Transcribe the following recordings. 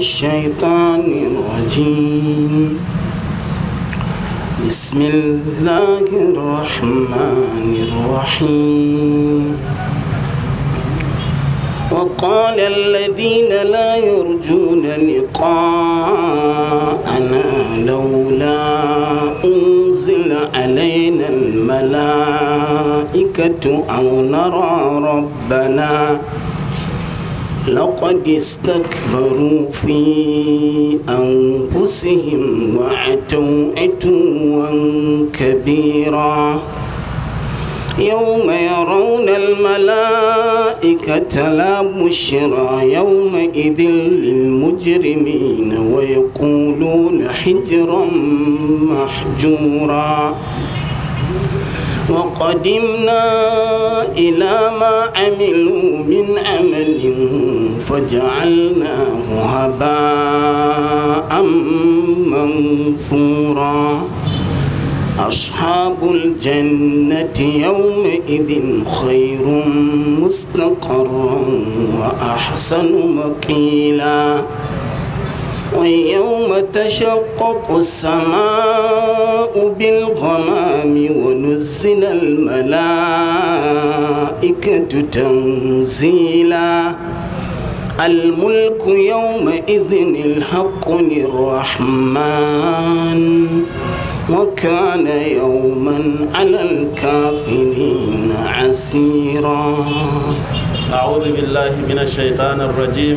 الشيطان الرجيم بسم الله الرحمن الرحيم وقال الذين لا يرجون لقاءنا لولا أنزل علينا الملائكة أو نرى ربنا لقد استكبروا في أنفسهم وعتوا عتوا كبيرا يوم يرون الملائكة لا بشرى يومئذ للمجرمين ويقولون حجرا محجورا وقدمنا إلى ما عملوا من عمل فجعلناه هباء منثورا أصحاب الجنة يومئذ خير مستقرا وأحسن مقيلا ويوم تشقق السماء بالغمام ونزل الملائكة تنزيلا الملك يومئذ الحق للرحمن وكان يوما على الكافرين عسيرا أعوذ بالله من الشيطان الرجيم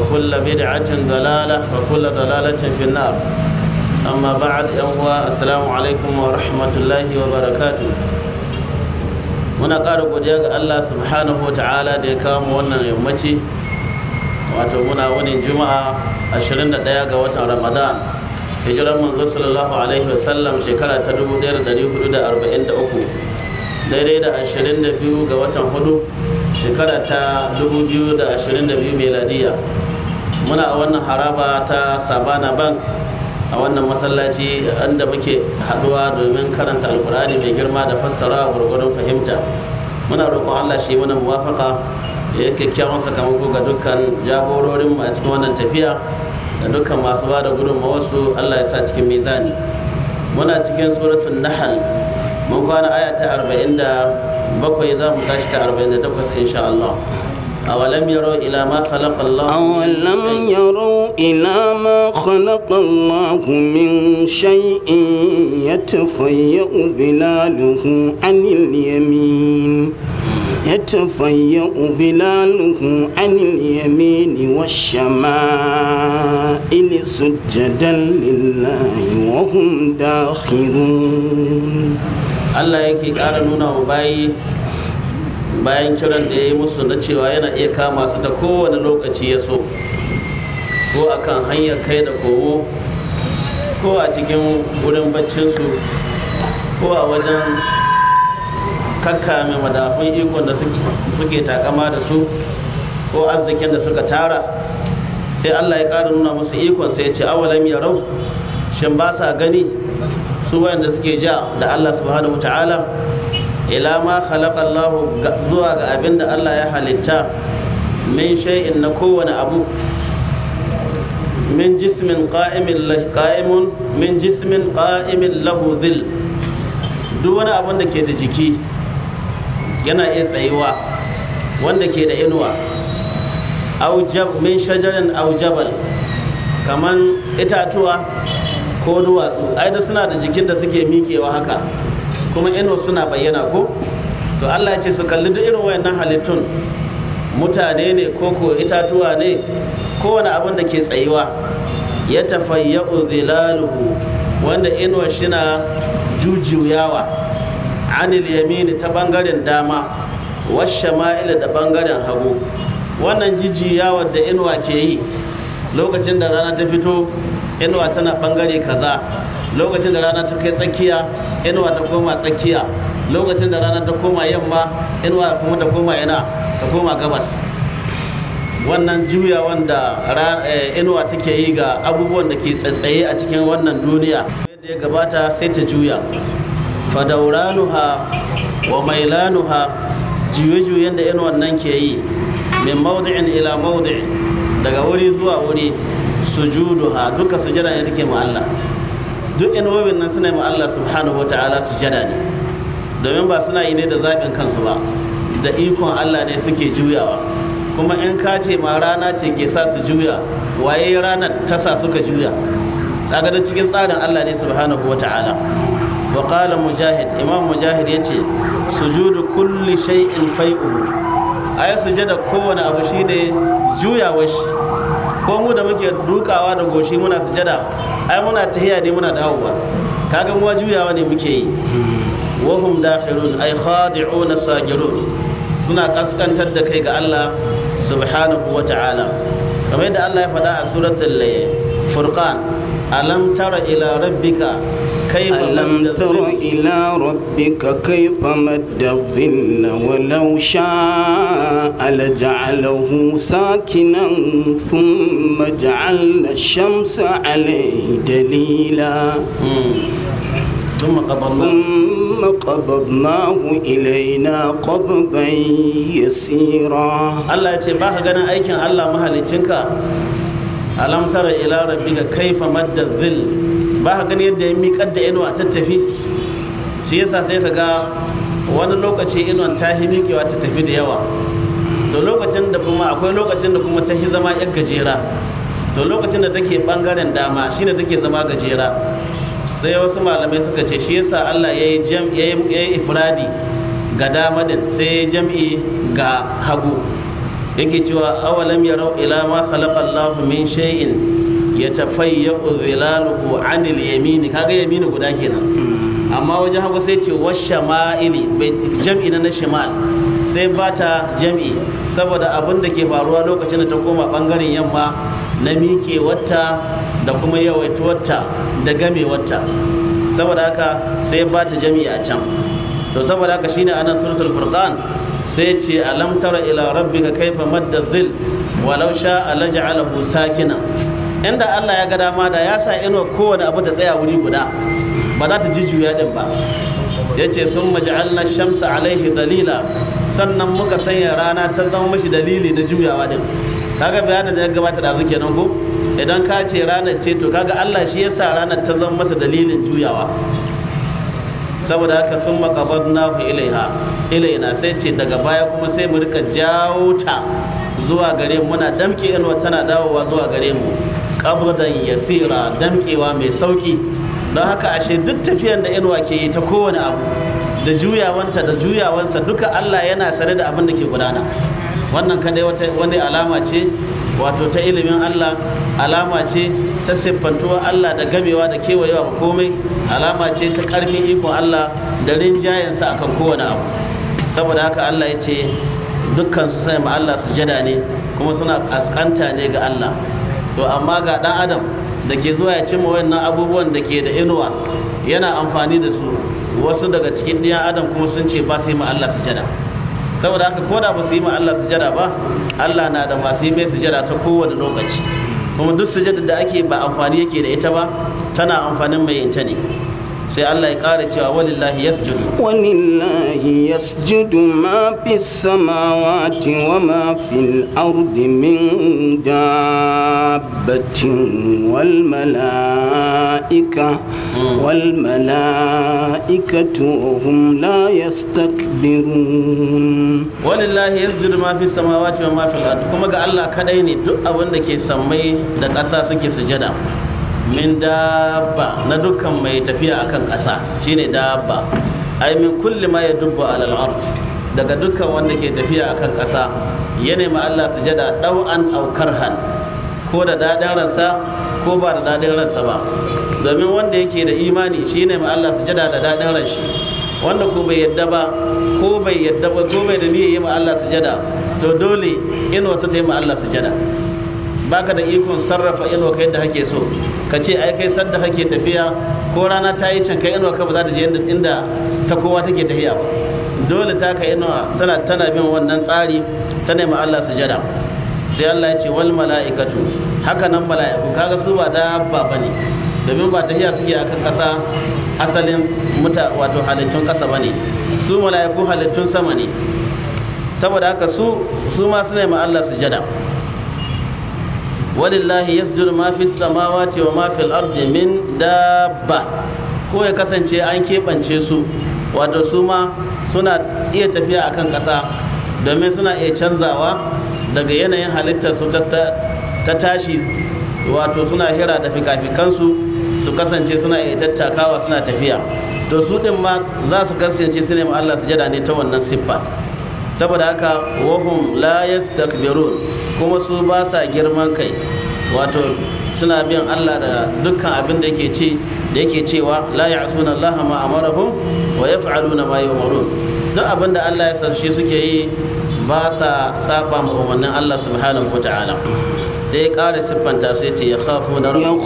وكل بدعة ضلالة وكل ضلالة في النار أما بعد يوم السلام عليكم ورحمة الله وبركاته muna ƙara godiya ga Allah subhanahu wa ta'ala da ya kawo wannan yammaci wato muna wani juma'a 21 ga watan ramadan hijiran manzo sallallahu alaihi wa sallam shekara ta 1443 daidai da 22 ga watan hudu shekara ta 2022 meladiya muna a wannan haraba ta sabana bank a wannan masallaci inda muke haduwa domin karanta alkurani mai girma da fassara a fahimta muna roƙon allah shi mana muwafaka ya kyakkyawan sakamako ga dukkan jagororin a cikin wannan tafiya da dukkan masu ba da mawasu allah ya sa cikin mizani muna cikin suratun nahal mun kwana aya ta 47 za mu tashi ta 48 insha allah أولم يروا إلى ما خلق الله أولم يروا إلى ما خلق الله من شيء يتفيأ ظلاله عن اليمين يتفيأ ظلاله عن اليمين والشمائل سجدا لله وهم داخلون الله يكي قال نونه باي bayan kiran da ya yi musu na cewa yana iya kama su ta kowane lokaci ya so ko a kan hanyar kai da kowo ko a cikin wurin baccinsu ko a wajen kakkame madafun ikon da suke takama da su ko arzikin da suka tara sai allah ya ƙara nuna musu ikon sai ya ce awalam ya rau shin ba sa gani su wayanda suke ja da allah subhanahu wa ta'ala ila ma khalaqallahu zuwa ga abin da Allah ya halitta min shay'in na kowane abu min jismin qa'imin min jismin qa'imin lahu dhil duk wani abin da ke da jiki yana iya tsayuwa wanda ke da inuwa min shajarin aujabal kaman itatuwa ko duwatsu ai da suna da jikin da suke miƙewa haka kuma inuwar suna bayyana ko to allah ya ce su kalli duk irin wayannan halittun mutane ne ko ko itatuwa ne kowane abin da ke tsayuwa ya tafayya'u zilaluhu wanda inuwar shina jujuyawa anil yamini ta bangaren dama washama'ila da bangaren hagu wannan jijiyawar da inuwa ke yi lokacin da rana ta fito inuwa tana bangare kaza lokacin da rana ta kai tsakiya inuwa ta koma tsakiya lokacin da rana ta koma yamma inuwa kuma ta koma ina ta koma gabas wannan juya wanda eh, inuwa take yi ga abubuwan da ke tsatsaye a cikin wannan duniya yadda ya gabata sai ta juya fadauranuha wa mailanuha juye-juyen da inuwa nan ke yi min maudu'in ila maudu'in daga wuri zuwa wuri sujuduha duka sujada ne take ma Allah duk wabin nan suna yi Allah subhanahu wa ta'ala sujada ne domin ba suna yi ne da zaɓin kansu ba da ikon Allah ne suke juyawa kuma in ka ce ma rana ce ke sa su juya waye ranar ta sa suka juya kaga cikin tsarin Allah ne subhanahu wa ta'ala wa qala mujahid imam mujahid ya yace sujudu kulli shay'in fai'u ay sujada kowane abu shine juyawar shi ko mu da muke dukawa da goshi muna sujada ai muna tahiya ne muna dawowa kaga mu juyawa ne muke yi wa hum dakhirun ay khadi'un sajirun suna kaskantar da kai ga Allah subhanahu wa ta'ala kamar yadda Allah ya faɗa a suratul furqan alam tara ila rabbika ألم تر إلى ربك كيف مد الظل ولو شاء لجعله ساكنا ثم جعل الشمس عليه دليلا ثم قبضناه إلينا قبضا يسيرا الله يتباه غنا أيكن الله تنكا ألم تر إلى ربك كيف مد الظل ba ka gani yadda ya miƙar da inuwa ta tafi shi yasa sai ka ga wani lokaci inuwan ta yi miƙewa ta tafi da yawa to lokacin da kuma akwai lokacin da kuma ta yi zama yan gajera to lokacin da take bangaren dama shine take zama gajera sai wasu malamai suka ce shi yasa Allah ya yi ifradi ga damadin sai ya jam'i ga hagu yake cewa awalam yarau ila ma khalaqa Allahu min shay'in ya tafayya zilaluhu anil yamini kaga yamini guda kenan amma wajen hagu sai ce wa shama'ili jam'i na shimal sai ba ta jam'i saboda abin da ke faruwa lokacin da ta koma bangaren yamma na miƙe wata da kuma yawaitu wata da game wata saboda haka sai ba ta jam'i a can to saboda haka shine anan suratul furqan sai ce alam tara ila rabbika kaifa madda dhil walau sha'a laj'alahu sakinan inda Allah ya ga dama da ya sa inuwa kowane abu ta tsaya wuri guda ba za ta juya din ba ya ce sun maja'alna shamsa alaihi dalila sannan muka sanya rana ta zama mashi dalili na juyawa din kaga bayanin da ya gabata da zuke nan ko idan ka ce ranar ce to kaga Allah shi ya sa ranar ta zama masa dalilin juyawa saboda haka sun makabar nahu ilaiha ilaina sai ce daga baya kuma sai mu rika jawo ta zuwa gare mu muna damke inuwa tana dawowa zuwa gare mu kabradan yasira damƙewa mai sauƙi don haka ashe duk tafiyan da inuwa ke yi ta kowane abu da juyawanta da juyawansa duka allah yana sane da abin da ke gudana wannan kadai wani alama ce wato ta ilimin allah alama ce ta siffantuwa allah da gamewa da kewayewa komai alama ce ta ƙarfin ikon allah da rinjayensa akan kowane abu saboda haka allah ya ce dukkan su sai ma allah sujada ne kuma suna kaskanta ne ga allah to amma ga ɗan adam da ke zuwa ya cimma wannan abubuwan da ke da inuwa yana amfani da su wasu daga cikin ɗiyan adam kuma sun ce ba su yi ma Allah sujada saboda haka ko da ba su yi ma Allah sujada ba Allah na da masu yi mai sujada ta kowane lokaci kuma duk sujada da ake ba amfani yake da ita ba tana amfanin mai ita ne sai Allah ya ƙara cewa walillahi yasjudu walillahi yasjudu ma fi samawati wa ma fil ardi min dabbatin wal malaika wal malaikatu hum la yastakbirun walillahi yasjudu ma fi samawati wa ma fil ardi kuma ga Allah kadai ne duk abin da ke sammai da ƙasa suke sujada min dabba na dukkan mai tafiya akan ƙasa shine dabba ai min kulli ma ya dubba alal ard daga dukkan wanda ke tafiya akan ƙasa ya nemi Allah sujada ɗau'an aukar karhan ko da dadin ransa ko ba da dadin ransa ba domin wanda yake da imani shi ne ma Allah sujada da dadin ranshi wanda ko bai yadda ba ko bai yadda ba ko bai da niyyar yi ma Allah sujada to dole in wasu ta yi ma Allah sujada baka da ikon sarrafa in kai da hake so ka ce ai kai sadda kake tafiya ko rana ta yi can kai inuwa ka ba za ta je inda ta kowa take tafiya dole ta kai inuwa tana tana bin wannan tsari ta nema Allah sujada sai Allah ya ce wal mala'ikatu haka nan mala'iku kaga su ba dabba bane domin ba tafiya suke akan kasa asalin muta wato halittun kasa bane su mala'iku halittun sama ne saboda haka su su ma su nema Allah sujada walillahi yasjudu ma fi samawati wa ma fil ardi min dabba ko ya kasance an keɓance su wato su ma suna iya tafiya akan ƙasa domin suna iya canzawa daga yanayin halittar su ta tashi wato suna hira da fikafikansu su kasance suna iya tattakawa suna tafiya to su ɗin ma za su kasance su ne Allah sujada ne ta wannan siffa saboda haka wahum la yastakbirun kuma su ba sa girman kai wato suna bin Allah da dukkan abin da yake ce da yake cewa la ya'suna Allah ma amarahum wa yaf'aluna ma yu'marun duk abin da Allah ya sarshi suke yi ba sa saba ma umarnin Allah subhanahu wata'ala sai kare ƙara siffanta sai ce ya khafu na rabbahum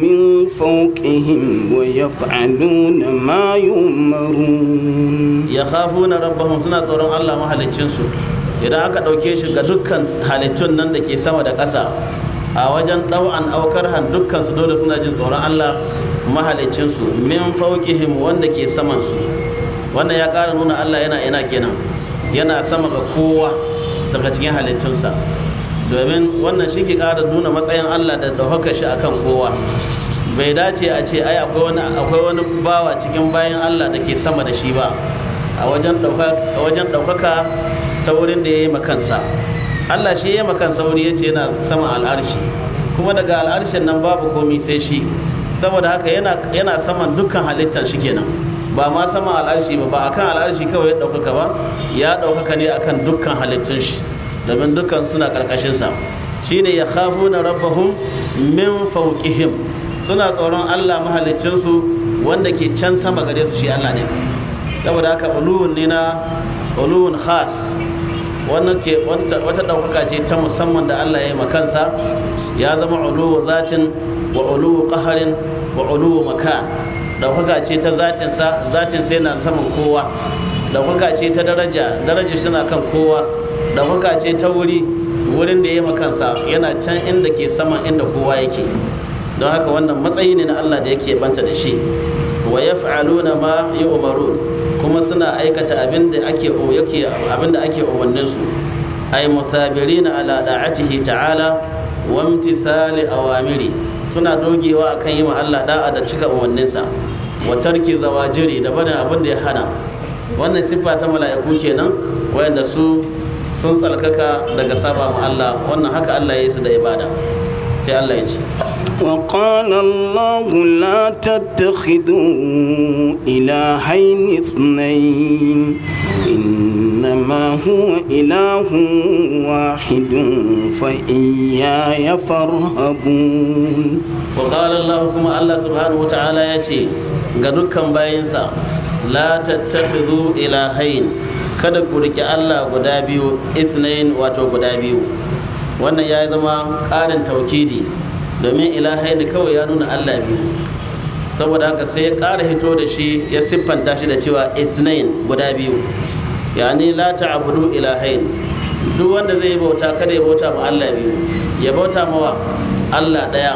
min fawqihim wa yaf'aluna ma yu'marun ya khafu na rabbahum suna tsoron Allah su. idan aka ɗauke shi ga dukkan halittun nan da ke sama da ƙasa a wajen ɗau'an aukar han dukkan su dole suna jin tsoron Allah mahalicinsu min fauqihim wanda ke saman wannan ya ƙara nuna Allah yana ina kenan yana sama ga kowa daga cikin halittunsa domin wannan shi ke ƙara nuna matsayin Allah da ɗaukar shi akan kowa bai dace a ce ai akwai wani akwai wani bawa cikin bayan Allah da ke sama da shi ba a wajen ɗaukaka ta wurin da ya yi makansa Allah shi ya makansa wani ya ce yana sama al'arshi kuma daga al'arshin nan babu komi sai shi saboda haka yana saman dukkan halittar shi kenan ba ma sama al'arshi ba ba akan al'arshi kawai ya ɗaukaka ba ya ɗaukaka ne akan dukkan halittun shi domin dukkan suna shi shine ya na rabbahum min fawqihim suna tsoron Allah mahalicin su wanda ke can sama gare su shi Allah ne saboda haka uluwun ne na khas wata ɗaukaka ce ta musamman da Allah ya yi makansa ya zama uluwa zatin wa uluwa ƙaharin wa uluwa makan ɗaukaka ce ta zatinsa zatin sai na saman kowa ɗaukaka ce ta daraja daraja suna kan kowa ɗaukaka ce ta wuri wurin da ya makansa yana can inda ke saman inda kowa yake don haka wannan matsayi ne na Allah da yake banta da shi wa yaf'aluna ma yu'marun kuma suna aikata abin da ake um, yake abin da ake umarnin su ay musabirina ala da'atihi ta'ala wa imtisali awamiri suna dogewa akan yi Allah da'a da cika umarninsa wa tarki zawajiri da barin abin da ya hana wannan siffa ta mala'iku kenan wayanda su sun tsalkaka daga saba Allah wannan haka Allah ya yi su da ibada sai Allah ya ce وقال الله لا تتخذوا إلهين اثنين إنما هو إله واحد فإياي فارهبون وقال الله كما الله سبحانه وتعالى يأتي قدوكم بينسا لا تتخذوا إلهين kada ku riƙe Allah guda biyu ithnain wato guda biyu wannan ya zama ƙarin taukidi domin ilahai ne kawai ya nuna Allah biyu saboda haka sai ya ƙara hito da shi ya siffanta shi da cewa ethnain guda biyu yani la ta'budu ilahain duk wanda zai bauta kada ya bauta ma Allah biyu ya bauta mawa Allah ɗaya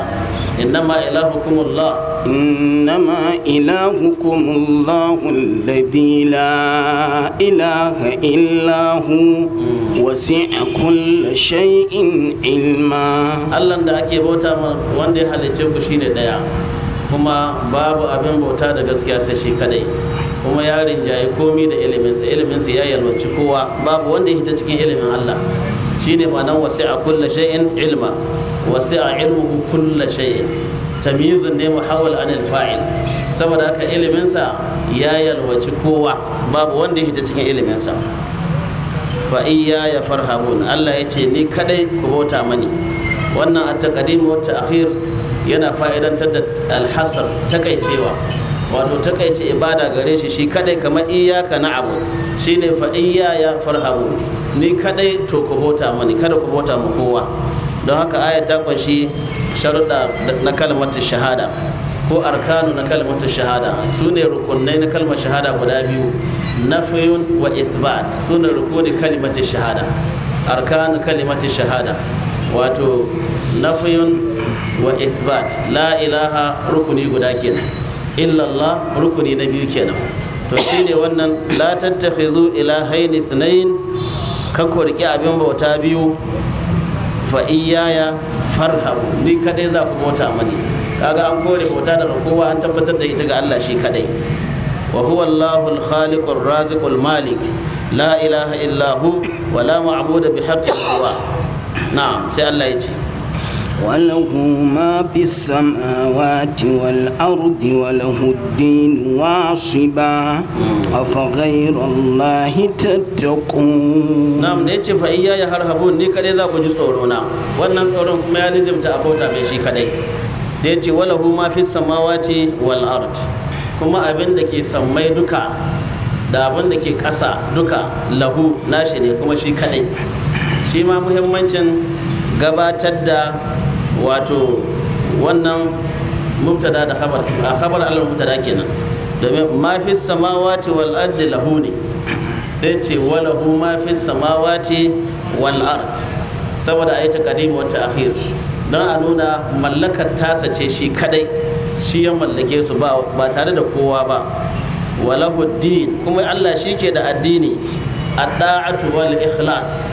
innama ilahukum Allah innama ilahukum Allah alladhi la ilaha illa hu wasi'a kulli shay'in ilma Allah da ake bauta ma wanda ya halicce ku shine ɗaya kuma babu abin bauta da gaskiya sai shi kadai kuma ya rinjaye komi da iliminsa iliminsa ya yalwaci kowa babu wanda ya hita cikin ilimin Allah shine ma'anar wasi'a kulli shay'in ilma a ilmuhu kulla shayi tamyizun ne muhawwal anil fa'il saboda haka iliminsa ya yalwaci kowa babu wanda ya hita cikin iliminsa fa iya ya farhabun Allah ya ce ni kadai ku bauta mani wannan at-taqdim wa ta'khir yana fa'idantar da alhasar takaicewa wato takaice ibada gare shi shi kadai kamar iyaka na abu shine fa iya ya farhabun ni kadai to ku bauta mani kada ku bauta mu kowa don haka aya ta kunshi sharuɗa na kalmatu shahada ko arkanu na kalmatu shahada su ne rukunai na kalmar shahada guda biyu nafiyun wa isbat su ne rukuni kalmatu shahada arkanu kalmatu shahada wato nafiyun wa isbat la ilaha rukuni guda kenan illallah rukuni na biyu kenan to shine wannan la tattakhidhu ilahaini sunayn kakku riƙe abin bauta biyu fa iyaya farhabu ni kadai za ku bauta mani kaga an kore mota daga kowa an tabbatar da ita ga Allah shi kadai wa huwa Allahu al-khaliqu ar-raziqu al-malik la ilaha illa hu wa la ma'budu bi haqqin siwa na'am sai Allah ya ce وله ما في السماوات والأرض وله الدين واصبا أفغير الله تتقون نعم نيتي فإيا يا هرهبون نيكا لذا كجي صورونا وانا صورون كما يلزم تأبوتا بيشي كدي سيتي وله ما في السماوات والأرض كما أبن لكي سمي دكا da abin da ke ƙasa duka lahu nashi ne kuma shi kadai shi ma muhimmancin gabatar da wato wannan mubtada da khabar a khabar al mubtada kenan domin ma fi samawati wal ardi lahu ne sai ce walahu ma fi samawati wal ard saboda ayi taqdim wa ta'khir dan a nuna mallakar tasa ce shi kadai shi ya mallake su ba ba tare da kowa ba walahu din kuma Allah shi ke da addini ad-da'atu wal ikhlas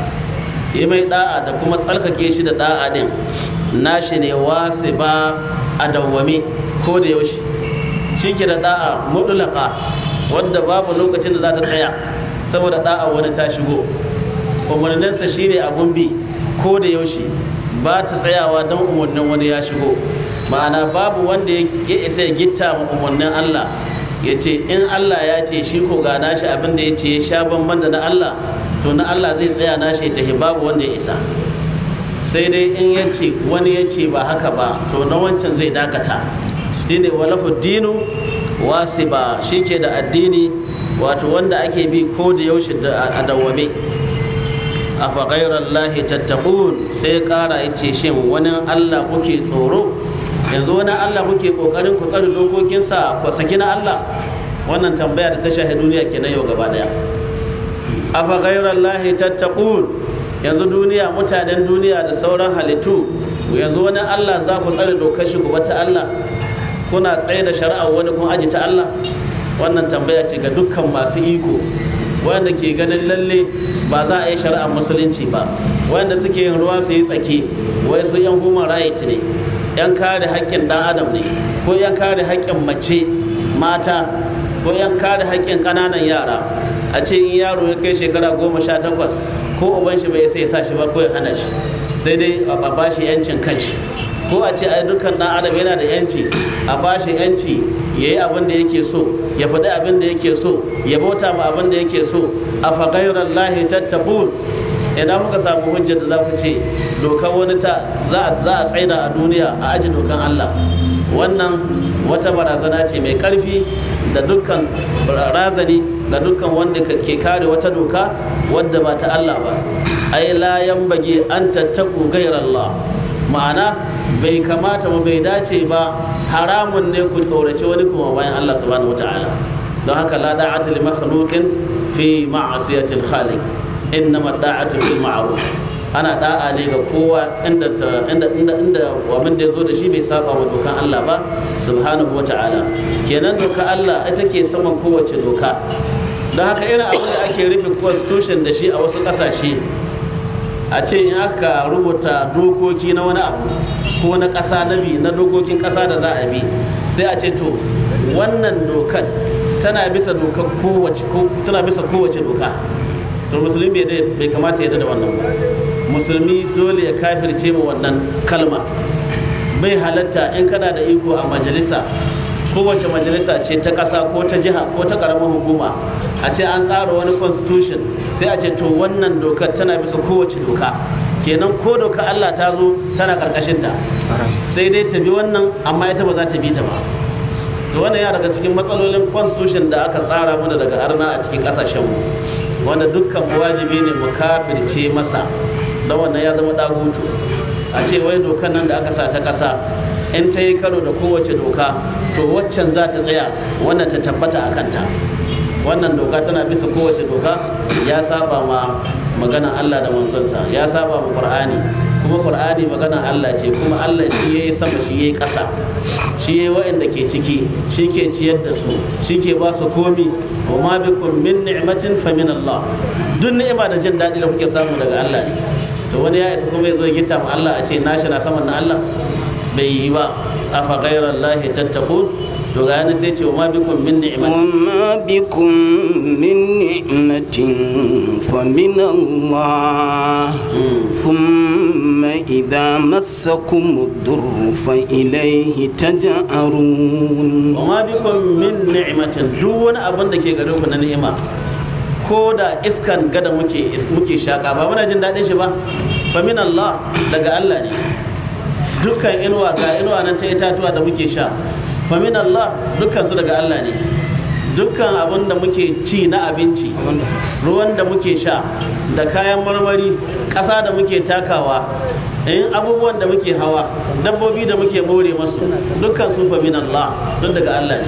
yi mai da'a da kuma tsarkake shi da da'a din nashi ne wasu ba a dawwame ko da yaushe shi ke da da'a mutulaka wadda babu lokacin da za ta tsaya saboda da'a wani ta shigo umarninsa shi ne abun bi ko da yaushe ba ta tsayawa don umarnin wani ya shigo ma'ana babu wanda ya isa ya gitta ma umarnin allah ya ce in allah ya ce shi ko ga nashi abin da ya ce sha banban da na allah to na allah zai tsaya nashi ta babu wanda ya isa sai dai in ya ce wani ya ce ba haka ba to na wancan zai dakata ne walahu dinu wasi ba shi ke da addini wato wanda ake bi ko da yaushe a dawwame a faƙairar lahi tattakun sai ƙara ya ce shin wani allah kuke tsoro yanzu wani allah kuke ƙoƙarin ku tsare dokokinsa ku saki na allah wannan tambaya da ta shahi duniya kenan yau gaba daya a faƙairar lahi tattakun yanzu duniya mutanen duniya da sauran halittu yanzu wani allah za ku tsare dokar shi gaba ta allah kuna tsaye da shari'a wani kun aji ta allah wannan tambaya ce ga dukkan masu iko wanda ke ganin lalle ba za a yi shari'ar musulunci ba wanda suke yin ruwa su yi tsaki wai su yan human right ne yan kare haƙƙin ɗan adam ne ko yan kare haƙƙin mace mata ko yan kare haƙƙin ƙananan yara a ce in yaro ya kai shekara goma sha takwas ko uban shi bai sai ya sa shi ba ko ya hana shi sai dai a bashi yancin kanshi ko a ce ai dukkan dan adam yana da yanci a bashi yanci yi abin da yake so ya faɗi abin da yake so ya bauta ma abin da yake so a fa lahi tattabun ina muka samu hujjar da za ku ce dokar wani ta za a tsaida a duniya a aji dokan Allah wannan wata barazana ce mai karfi da dukkan razani da dukkan wanda ke kare wata doka wadda ba ta Allah ba ai la bage an tattaku gairallah ma'ana bai kamata ba bai dace ba haramun ne ku tsoraci wani kuma bayan Allah subhanahu wataala don haka la da'ata li makhluqin fi ma'asiyatil khaliq innama da'atu fil ma'ruf ana da'a ne ga kowa inda inda inda inda da ya zo da shi bai saba wa dokan Allah ba subhanahu wa ta'ala kenan doka Allah ita ke saman kowace doka don haka irin abin da ake rufe constitution da shi a wasu kasashe a ce in aka rubuta dokoki na wani abu ko na ƙasa na bi na dokokin ƙasa da za a bi sai a ce to wannan dokar tana bisa doka kowace tana bisa kowace doka to musulmi bai kamata ya da wannan ba musulmi dole ya kafirce mu wannan kalma bai halatta in kana da iko a majalisa kowace majalisa ce ta kasa ko ta jiha ko ta ƙaramar hukuma a ce an tsara wani constitution sai a ce to wannan dokar tana bisa kowace doka kenan ko doka Allah ta zo tana ta sai dai ta bi wannan amma ita ba za ta bi ta ba da wannan ya daga cikin matsalolin constitution da aka tsara mana daga arna a cikin kasashen mu wanda dukkan wajibi ne mu kafirce masa da wannan ya zama dagutu a ce wai dokan nan da aka sa ta ƙasa in ta yi karo da kowace doka to waccan za ta tsaya wannan ta tabbata a kanta wannan doka tana bisa kowace doka ya saba ma magana Allah da manzonsa ya saba ma Qur'ani kuma Qur'ani magana Allah ce kuma Allah shi ya yi sama shi ya yi ƙasa shi ya yi waɗanda ke ciki shi ke ciyar da su shi ke ba su komi wa ma bikum min ni'matin fa min Allah duk ni'ima da jin daɗi da kuke samu daga Allah ne to wani ya isa kuma ya zo gita ma Allah a ce nashi na saman na Allah bai yi ba a fa Allah lahi tattaku to ga yana sai ce wa ma min ni'matin wa ma min ni'matin fa min Allah hmm. thumma idza massakum ad-durr fa ilayhi taj'arun wa ma min ni'matin duk wani abin da ke gare ku na ni'ima ko da iskan gada muke muke shaka ba muna jin daɗin shi ba fa min Allah daga Allah ne dukkan inuwa ga inuwa nan ta itatuwa da muke sha fa min Allah dukkan su daga Allah ne dukkan abin da muke ci na abinci ruwan da muke sha da kayan marmari ƙasa da muke takawa in abubuwan da muke hawa dabbobi da muke more masu dukkan su fa min Allah don daga Allah ne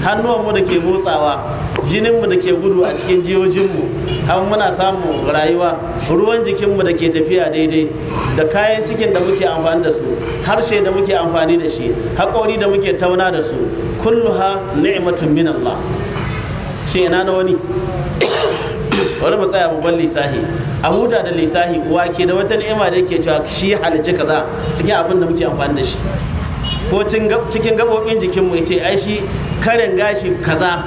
hannuwanmu da ke motsawa jininmu da ke gudu a cikin jiyojinmu har muna samun rayuwa ruwan jikinmu da ke tafiya daidai da kayan cikin da muke amfani da su harshe da muke amfani da shi haƙori da muke tauna da su kulluha ni'matun min Allah shi ina na wani wani mu tsaya babban lisahi a huta da lisahi uwa ke da wata ni'ima da yake cewa shi halicci kaza cikin abin da muke amfani da shi ko cikin gabobin jikinmu ya ce ai shi karin gashi kaza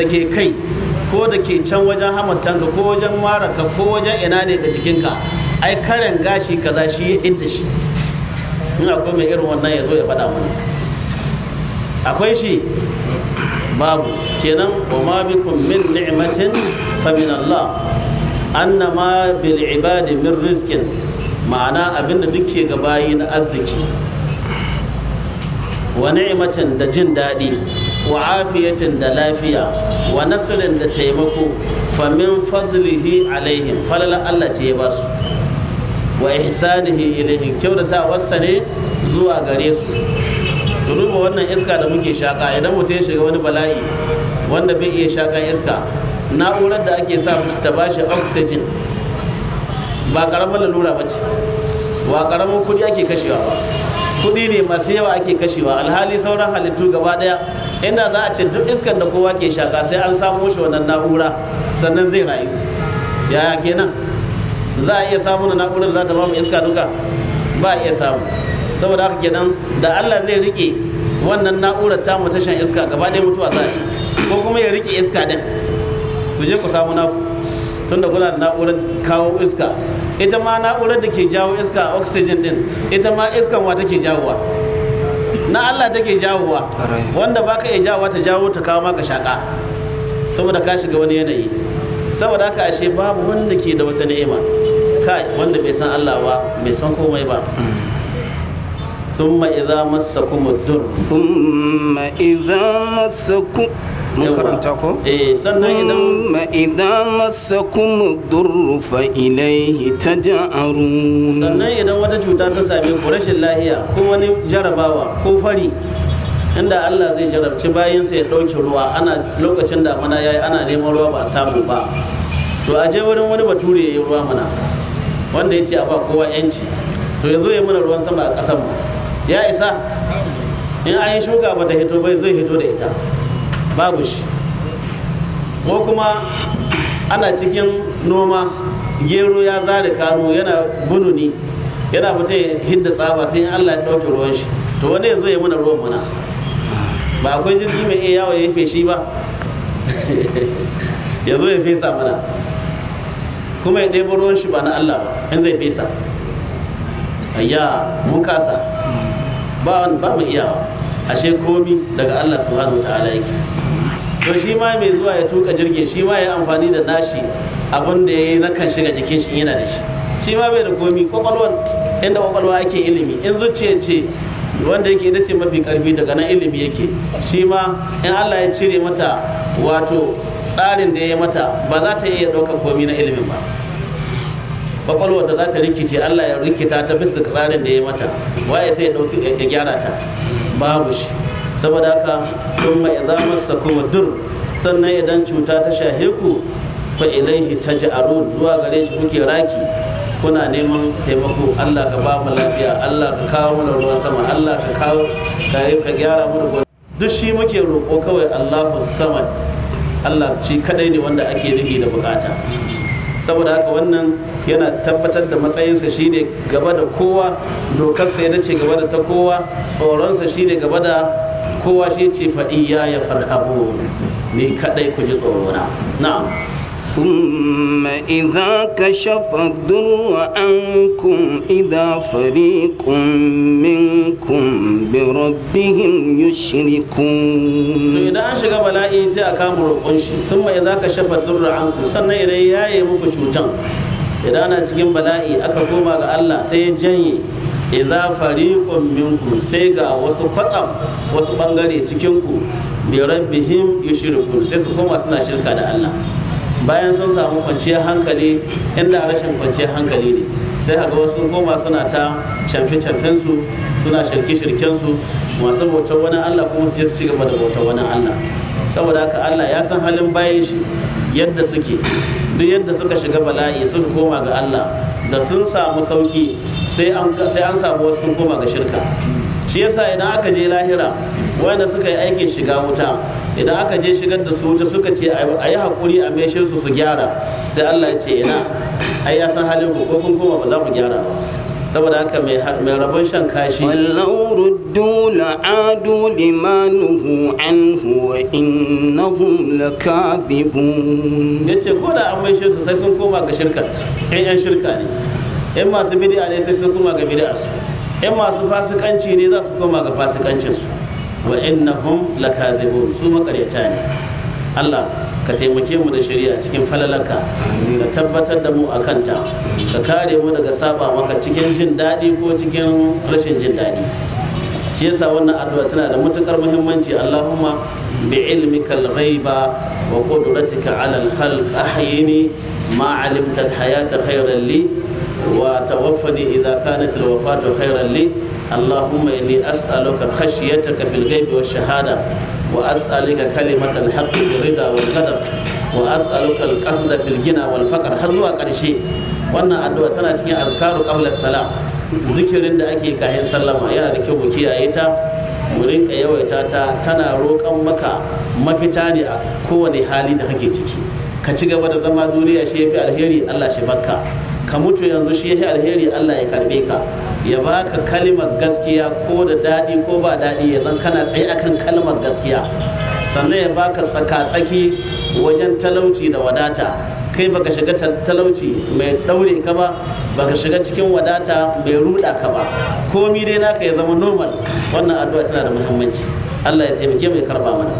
da ke kai ko da ke can wajen hamatanka ko wajen maraka ko wajen ina ne ga jikinka ai karen gashi kaza shi ya shi in akwai mai irin wannan ya zo ya faɗa mana akwai shi babu kenan wa ma bikum min ni'matin fa min Allah annama bil ibadi min rizqin ma'ana abinda duke ga bayi na arziki wa ni'matin da jin daɗi wa afiyatin da lafiya wa nasirin da taimako famin fadlihi alaihim falala Allah ce ya basu wa ihsanihi ilaihim kyautata wasa ne zuwa gare su duba wannan iska da muke shaka idan mutum ya shiga wani bala'i wanda bai iya shakan iska na'urar da ake sa mishi ta bashi oxygen ba karamar lalura ba ce wa karamin kudi ake kashewa ba kudi ne masu yawa ake kashewa alhali sauran halittu gaba daya inda za a ce duk iskan da kowa ke shaka sai an samo shi wannan na'ura sannan zai rayu yaya kenan za a iya samu na na'urar da za ta bamu mu iska duka ba a iya samu saboda haka kenan da Allah zai rike wannan na'urar ta mu tashan iska gaba ɗaya mutuwa za ko kuma ya rike iska din ku je ku samu naku tunda kuna da na'urar kawo iska ita ma na'urar da ke jawo iska oxygen din ita ma iskan wa take jawowa na Allah take jawowa wanda baka iya jawowa ta jawo ta kawo maka shaka saboda ka shiga wani yanayi saboda haka ashe babu wanda ke da wata ni'ima kai wanda bai san Allah ba bai san komai ba ثم إذا مسكم dur ثم idza mun karanta ko eh sannan idan ma durru fa sannan idan wata cuta ta sami ku rashin lahiya ko wani jarabawa ko fari inda Allah zai jarabci bayan sai ya ruwa ana lokacin damana yayi ana neman ruwa ba samu ba to a je wurin wani bature yayi ruwa mana wanda ya ce a ba kowa yanci to ya zo ya mana ruwan sama a ƙasar mu ya isa in an yi shuka bata hito bai zai hito da ita babu shi ko kuma ana cikin noma gero ya zare kano yana bununi yana fita ya hidda tsaba sai Allah ya ɗauke ruwan shi to wani ya zo ya muna ruwan muna ba akwai jirgi mai iya yawo ya feshi ba ya zo ya fesa mana kuma ya ɗebo ruwan shi ba na Allah ba in zai fesa ayya mun kasa ba mu iyawa ashe komi daga Allah subhanahu wa ta'ala yake to shi ma mai zuwa ya tuka jirgin shi ma ya amfani da nashi abin da ya yi na kan shiga jikin shi yana da shi shi ma bai da komi kwakwalwar inda kwakwalwa ake ilimi in zuciya ce wanda yake ita ce mafi karfi daga nan ilimi yake shi ma in Allah ya cire mata wato tsarin da ya mata ba za ta iya ɗaukar komi na ilimin ba kwakwalwar da za ta rikice Allah ya rikita ta bisa tsarin da ya mata waye sai ya gyara ta babu shi saboda haka kun mai zama kuma dur sannan idan cuta ta shahe ku fa ilaihi taj'arun zuwa gare shi kuke raki kuna neman taimako Allah ka ba mu lafiya Allah ka kawo mana ruwan sama Allah ka kawo ka yi ka gyara mu da duk shi muke roko kawai Allahu samad Allah shi kadai ne wanda ake nufi da bukata saboda haka wannan yana tabbatar da matsayinsa shine gaba da kowa dokarsa ya dace gaba da ta kowa tsoronsa shine gaba da kowa shi ce fa ya farhabu ni kadai ku ji tsorona na'am ثم إذا كشف الضر عنكم إذا فريق منكم بربهم يشركون إذا أنشق بلائي سيأكام رقنشي ثم إذا كشف الضر عنكم سنة إليه يا يمك شوتان إذا أنا تجين بلائي أكا قوما الله سيجيني iza fariqun minkum sai ga wasu kwatsam wasu bangare cikin ku bi rabbihim yushriku sai su koma suna shirka da Allah bayan sun samu kwanciyar hankali inda rashin kwanciyar hankali ne sai ga wasu koma suna ta canfi canfin su suna shirke-shirken su masu bautar wani Allah kuma su je su ci gaba da bautar wani Allah saboda haka Allah ya san halin bayan shi yadda suke duk yadda suka shiga bala'i sun koma ga Allah da sun samu sauki sai an samu wasu sun koma ga shirka shi yasa idan aka je lahira wanda suka yi aikin shiga wuta idan aka je shigar da su wuta suka ce a yi haƙuri a meshin su su gyara sai Allah ya ce ina ai ya san halin ku ko kun koma ba za ku gyara ba saboda haka mai rabon shan kashi wallau ruddu la'adu limanuhu anhu wa innahum lakathibun yace ko da an mai shi sai sun koma ga shirka ɗan yan shirka ne yan masu bid'a ne sai sun koma ga bid'a su yan masu fasikanci ne za su koma ga fasikancin su wa innahum lakathibun su makaryata ne Allah ka taimake mu da shari'a cikin falalaka ka tabbatar da mu a kanta ka kare mu daga saba maka cikin jin daɗi ko cikin rashin jin daɗi shi yasa wannan addu'a tana da matukar muhimmanci Allahumma bi ilmika al-ghaiba wa qudratika 'ala al-khalq ahyini ma 'alimta al-hayata khayran li wa tawaffani idha kanat al-wafatu khayran li اللهم إني أسألك خشيتك في الغيب shahada. وأسألك كلمة الحق في الرضا والقدر وأسألك القصد في الغنى والفقر har zuwa ƙarshe wannan addu'a tana cikin azkaru qabla salam zikirin da ake kayan sallama yana da kyau mu kiyaye ta mu rinka yawaita ta tana roƙon maka mafita ne a kowane hali da kake ciki ka ci gaba da zama duniya shi yafi alheri Allah shi bakka ka mutu yanzu shi ya alheri Allah ya karbe ka ya baka kalmar gaskiya ko da daɗi ko ba daɗi ya zan kana tsaye akan kalmar gaskiya sannan ya baka tsaka-tsaki wajen talauci da wadata kai baka shiga talauci mai daure ka ba baka shiga cikin wadata mai ruda ka ba komi dai naka ya zama normal wannan addu'a tana da muhimmanci Allah ya taimake mai karba mana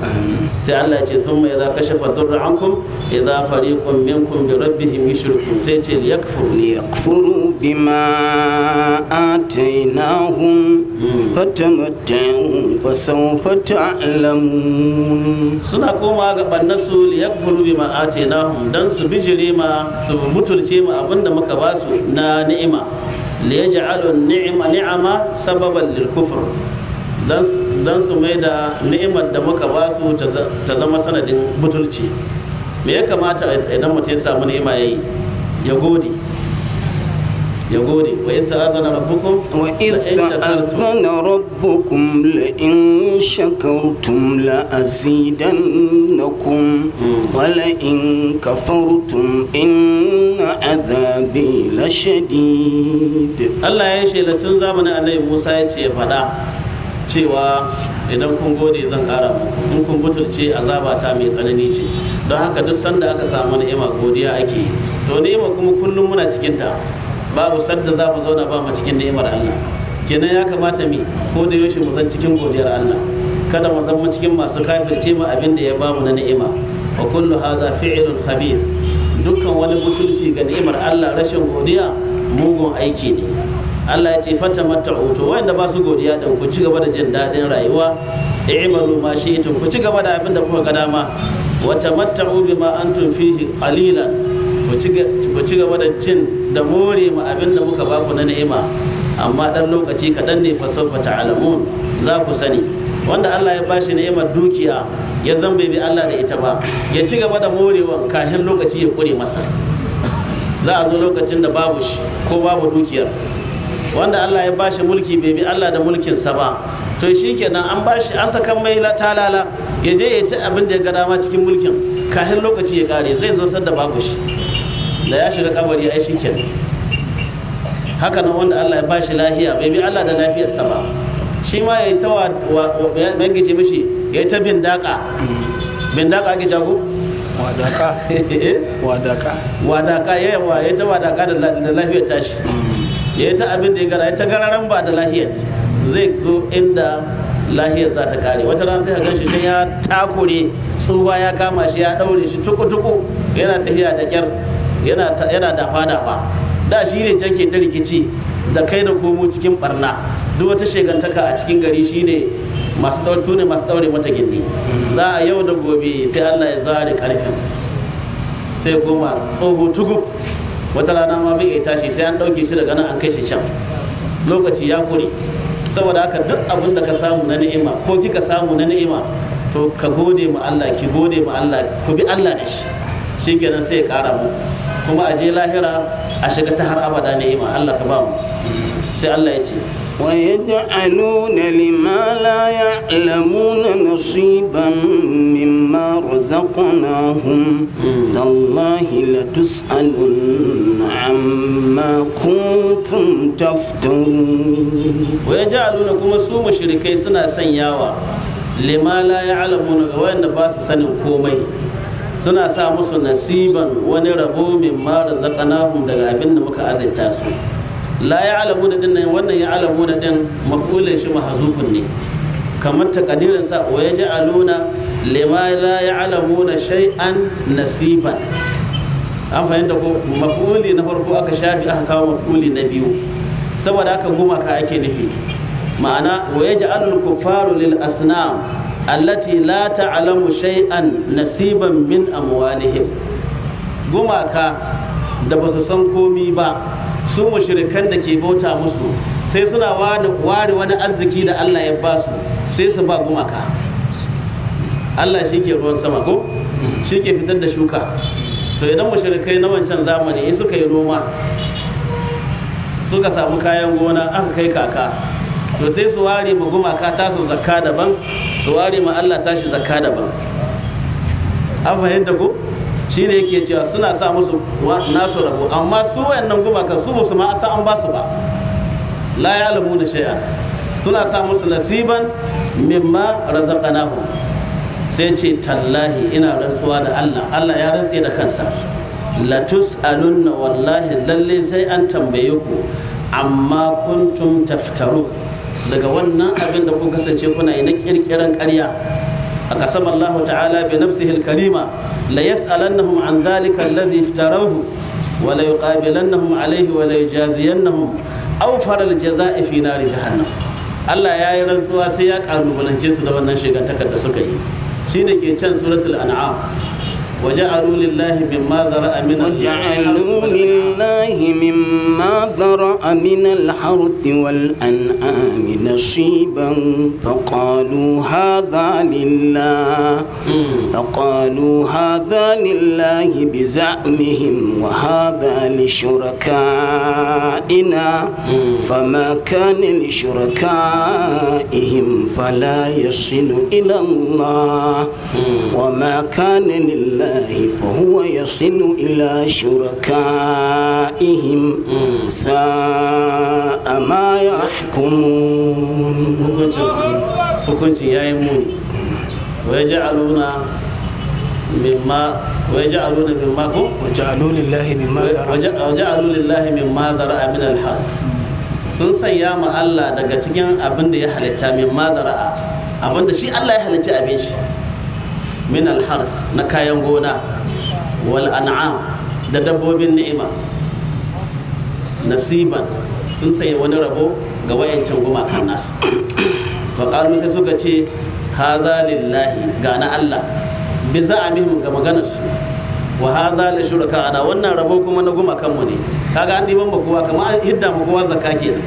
sai Allah ya ce thumma idza kashafa durra ankum idza fariqun minkum bi rabbihim yushrikun sai ce liyakfuru liyakfuru bima atainahum hmm. fatamattu fa sawfa ta'lamun suna koma ga bannasu liyakfuru bima atainahum dan su bijire ma su mutulce ma abinda muka basu na ni'ima liyaj'alu ni'ama ni'ama sababan lil kufr dan don su mai da ni'imar da muka ba su ta zama sanadin butulci me ya kamata idan mutum ya samu ni'ima yayi ya gode ya gode wa in ta'azana rabbukum wa in ta'azana rabbukum la in shakartum la azidannakum hmm. wa la in kafartum inna azabi la shadid Allah ya shela tun zamanin Annabi Musa ya ce ya fada cewa idan kun gode zan kara in kun butulce azaba ta mai tsanani ce don haka duk sanda aka samu ni'ima godiya ake to ni'ima kuma kullum muna cikin ta babu sadda za mu zauna ba mu cikin ni'imar Allah kenan ya kamata mi ko da yaushe mu zan cikin godiyar Allah kada mu zama cikin masu kafirce mu abin da ya bamu na ni'ima wa kullu hadha fi'lun khabith dukkan wani butulci ga ni'imar Allah rashin godiya mugun aiki ne Allah ya ce fata mata hoto wanda ba su godiya da ku ci gaba da jin daɗin rayuwa i'malu ma shi'tum ku ci gaba da abin da kuka ga dama wa tamattu bima antum fihi qalilan ku ci gaba da jin da more ma abin da muka baku na ni'ima amma dan lokaci kaɗan ne ta ta'lamun za ku sani wanda Allah ya bashi ni'imar dukiya ya zambe bi Allah da ita ba ya ci gaba da morewa kafin lokaci ya kure masa za a zo lokacin da babu shi ko babu dukiyar wanda Allah ya bashi mulki bai bi Allah da mulkin sa ba to shikenan an bashi an saka mai talala ya je ya ta abin da ya ga dama cikin mulkin kafin lokaci ya kare zai zo sanda babu shi da ya shiga kabari ai shikenan haka nan wanda Allah ya bashi lafiya bai bi Allah da lafiyar sa ba shi ma ya yi ta wa bangije mishi ya yi ta bin daka bin daka ki jago wadaka eh? wadaka wadaka ya yi ta wadaka da lafiyar tashi mm. ya yi ta abin da ya gara ya ta gararan ba da lahiyar zai zo inda lahiyar za ta kare wata rana sai gan shi ya ya takure tsohuwa ya kama shi ya daure shi tukutuku tuku yana tafiya da kyar yana dafa-dafa da shi ne can ke ta rikici da kai da komo cikin barna duk wata shegantaka a cikin gari shine masu daure su ne masu daure mata gindi za a yau da gobe sai Allah ya zare karfin sai goma tsoho tugu wata rana ma bai iya tashi sai an ɗauke shi daga nan an kai shi can lokaci ya kure saboda haka duk abin da ka samu na ni'ima ko kika samu na ni'ima to ka gode ma Allah ki gode ma Allah ku bi Allah da shi shikenan sai ya kara mu kuma a je lahira a shiga ta har abada ni'ima Allah ka ba mu sai Allah ya ce ويجعلون لما لا يعلمون نصيبا مما رزقناهم تالله لتسألن عما كنتم تفترون ويجعلون كما سوم شركي سنة سنياوة لما لا يعلمون وين باس سنة كومي سنة sa musu ونربو مما رزقناهم min مكا razaqnahum la ya alamu da din wannan ya alamu da din mafulin shi mahazufin ne kamar takadirin sa wa ya ja'aluna lima la ya alamu na shay'an nasiban an fahimta ko mafuli na farko aka shafi aka kawo mafuli na biyu saboda haka ka ake nufi ma'ana wa ya ja'alul faru lil asnam allati la ta ta'lamu shay'an nasiban min amwalihim gumaka da ba su san komi ba su mushrikan da ke bauta musu sai suna ware wani arziki da Allah ya ba su sai su ba gumaka Allah shi ke ruwan sama ko shi ke fitar da shuka to idan mushrikai na wancan zamani in suka yi noma suka samu kayan gona aka kai kaka to sai su ware ma gumaka tasu zakka daban su ware ma Allah tashi zakka daban an fahimta ko shi ne yake cewa suna sa musu nasu rabo amma su wayannan gumakan su ba su ma asa an ba su ba la ya alamu na shay'a suna sa musu nasiban mimma razaqanahu sai ce tallahi ina rantsuwa da Allah Allah ya rantse da kansa la tusalunna wallahi lalle sai an tambaye ku amma kuntum taftaru daga wannan abin da kun kasance kuna yi na kirkiran karya. a kasam Allah ta'ala bi al karima la yas'alannahum an dhalika alladhi iftarawhu wa la yuqabilannahum alayhi wa la yajaziyannahum aw faral jazaa'i fi nar jahannam Allah ya yi rantsuwa sai ya kalubalance su da wannan shiga takarda suka yi shine ke can suratul an'am وجعلوا لله مما ذرأ من وجعلوا لله مما ذرأ من الحرث والأنعام نصيبا فقالوا هذا لله فقالوا هذا لله بزعمهم وهذا لشركائنا فما كان لشركائهم فلا يصل إلى الله وما كان لله الله فهو يصل إلى شركائهم ساء ما يحكمون hukuncin ya yi muni wai ja'aluna mimma wai ja'aluna mimma ko waja'alulillahi mimma waja'alulillahi mimma zara'a min sun sanya ma Allah daga cikin abin da ya halitta mimma zara'a abin da shi Allah ya halitta abin shi min alhars na kayan gona wal an'am da dabbobin ni'ima nasiban sun sayi wani rabo ga wayancan gumakan nasu qalu sai suka ce haza lillahi ga na Allah bi za'amihim ga maganar ga maganarsu wa haza la shuraka ana wannan rabo kuma na gumakan mu ne kaga an diban makowa kamar an hidda makowa zakka kenan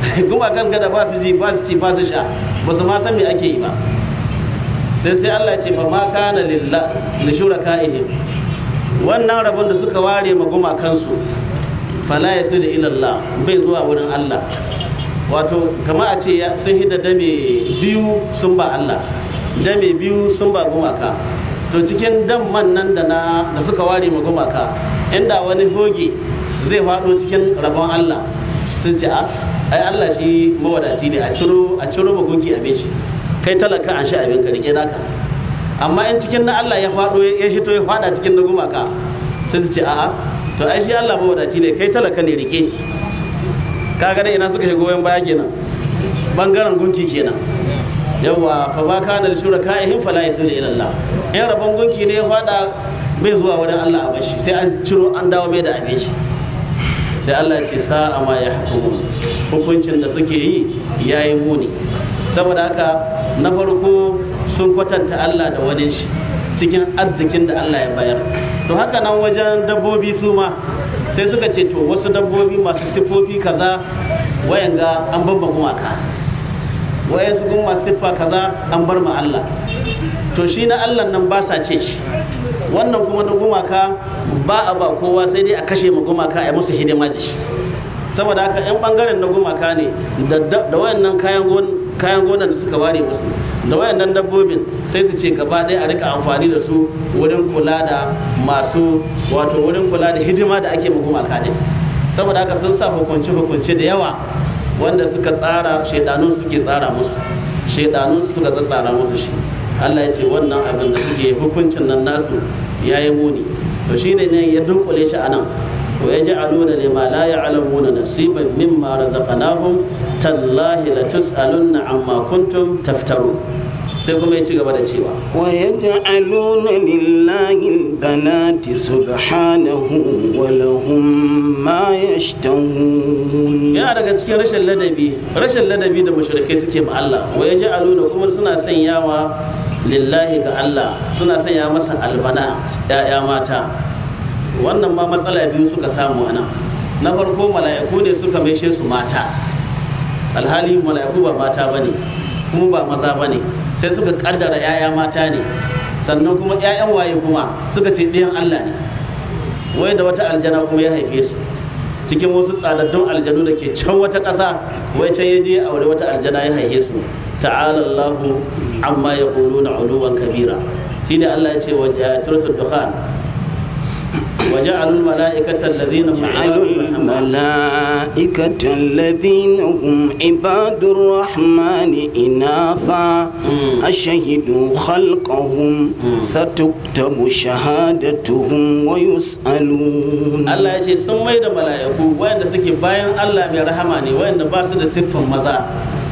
gumakan gada ba su ji ba su ci ba su sha ba su ma san me ake yi ba sai sai Allah ce fa ma kana lillah li shurakaihim wannan rabon da suka ware ma gumakansu fala yasiru ila Allah bai zuwa wurin Allah wato kama a ce sun hida dame biyu sun ba Allah dame biyu sun ba gumaka to cikin man nan da na da suka ware ma gumaka inda wani hoge zai faɗo cikin rabon Allah sun ce a ai Allah shi mawadaci ne a ciro a ciro a shi kai talaka an sha abin ka rike naka amma in cikin na Allah ya fado ya hito ya fada cikin na gumaka sai su ce a'a to ai shi Allah mawadaci ne kai talaka ne rike ka ga ina suka shigo bayan baya kenan bangaren gunki kenan yawa fa ba kana da shurakaihim fala yasu ila Allah in rabon gunki ne ya fada bai zuwa wurin Allah a bashi sai an ciro an dawo mai da abin shi sai Allah ya ce sa'a ma ya hukuncin da suke yi yayi muni saboda haka na farko sun kwatanta Allah da wani shi cikin arzikin da Allah ya bayar to haka nan wajen dabbobi su ma sai suka ce to wasu dabbobi masu siffofi kaza ga an bamba gumaka wayan su kuma masu siffa kaza an bar ma Allah to shi na Allah nan ba sa ce shi wannan kuma da gumaka ba a ba kowa sai dai a kashe ma gumaka a musu hidima da shi saboda haka yan bangaren na gumaka ne da wayannan kayan kayan gona da suka ware musu da wayannan dabbobin sai su ce gaba ɗaya a rika amfani da su wurin kula da masu wato wurin kula da hidima da ake mugu maka saboda haka sun sa hukunce hukunce da yawa wanda suka tsara shaidanun suke tsara musu shaidanun suka tsara musu shi Allah ya ce wannan abin da suke hukuncin nan nasu ya yi muni to shine ne ya dunkule shi anan. ويجعلون لما لا يعلمون نصيبا مما رزقناهم تالله لتسألن عما كنتم تفترون sai kuma ya ci gaba da cewa wa yaj'aluna lillahi banati subhanahu wa lahum ma yashtahun yana daga cikin rashin ladabi rashin ladabi da mushrikai suke ma Allah wa yaj'aluna kuma suna sanyawa lillahi ga Allah suna sanya masa albana ya'ya mata wannan ma matsala biyu suka samu anan na farko mala'iku ne suka maishe su mata alhali mala'iku ba mata ba ne kuma ba maza ba ne sai suka kaddara 'ya'ya mata ne sannan kuma 'ya'yan waye kuma suka ce ɗayan allah ne wai da wata aljana kuma ya haife su cikin wasu tsadaddun aljanu da ke can wata ƙasa wai can ya je wuri wata aljana ya haife su ta'ala allahu amma ya na uluwan kabira shi ne allah ya ce wa suratul dukhan وجعلوا الملائكة الذين وجعلوا الملائكة الذين هم عباد الرحمن إناثا أشهدوا خلقهم ستكتب شهادتهم ويسألون الله يشهد سمي دا ملائكو وين دا سكي باين الله برحماني وين دا باسد دا سفن مزا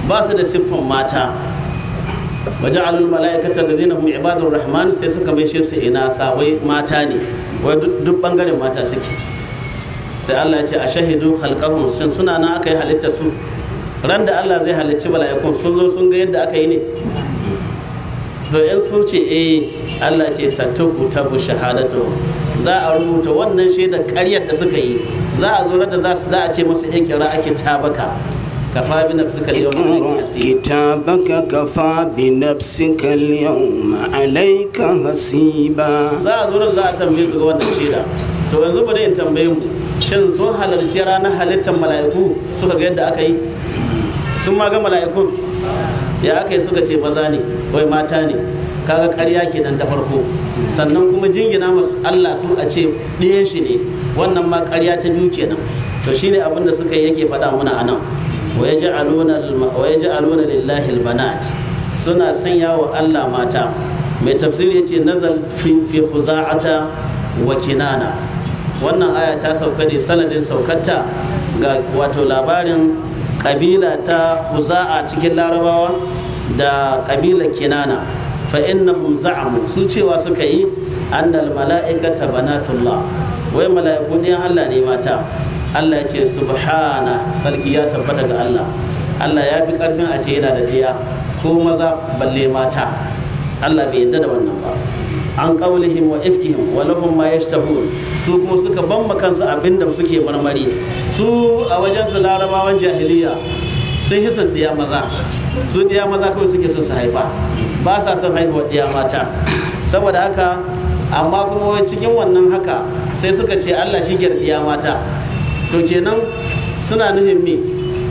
باسد دا سفن ماتا وجعلوا الملائكة الذين هم عباد الرحمن سيسكا ميشير سي إناثا وي ماتا ني wai duk bangaren mata suke sai Allah ya ce a shahidu halkahun sun suna nan aka yi halitta su ran da Allah zai halicci mala'ikun sun zo sun ga yadda aka yi ne to in sun ce eh Allah ce satuku tabu shahadatu za a rubuta wannan shaidar karyar da suka yi za a zo da za a ce musu ikira ake tabaka كفى بنفسك اليوم عليك كتابك كفى بنفسك اليوم عليك حسيبا za a zo za a tambaye su ga wannan shaida to yanzu bari in tambayi mu shin sun halarci ranar halittar mala'iku ga yadda sun ma ga mala'ikun ya aka suka ce maza ne wai mata ne kaga ƙarya kenan ta farko sannan kuma jingina masu Allah su a ce ɗiyan shi ne wannan ma ƙarya ta biyu kenan to shine abin da suka yi yake faɗa muna a nan wa yaj'aluna lillahi albanat suna sanya wa Allah mata mai tafsiri ya ce nazar fi huza'ata wa kinana wannan aya ta sauka ne sanadin saukarta ga wato labarin kabila ta huza'a cikin larabawa da kabila kinana fa innahum za'amu su cewa suka yi annal mala'ikata banatullah wai mala'iku ɗin Allah ne mata Allah ya ce subhana sarki ya tabbata ga Allah Allah ya fi karfin a ce yana da diya ko maza balle mata Allah bai yadda da wannan ba an qaulihim wa ifkihim wa lahum ma yashtahun su kuma suka bamma kansu abinda suke marmari su a wajen su larabawan jahiliya sun hisa diya maza su diya maza kawai suke son su haifa ba sa son haihuwar diya mata saboda haka amma kuma cikin wannan haka sai suka ce Allah shi ke da diya mata to kenan suna nuhin me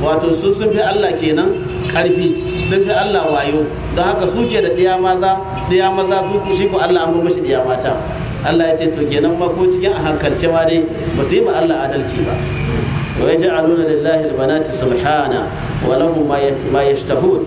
wato sun sun fi Allah kenan karfi sun fi Allah wayo don haka su ke da ɗiya maza ɗiya maza su shi ko Allah an mashi ɗiya mata Allah ya ce to kenan ma ko cikin a hankalce ma dai ba su yi ma Allah adalci ba wa yaj'aluna lillahi albanati subhana wa ma yashtahun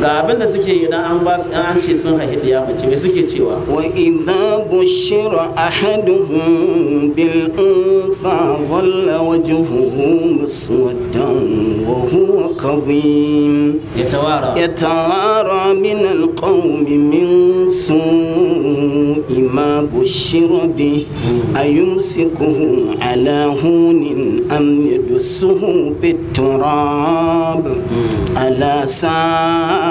ga abin da suke yi dan an ba an ce sun haihu ya mace me suke cewa wa idza bushira ahaduhum bil unsa walla wajhuhu muswaddan wa huwa kadhim yatawara yatawara min al qawmi min su'i ma bushira bi hmm. ayumsikuhu ala hunin am yadsuhu fit turab hmm. ala sa'a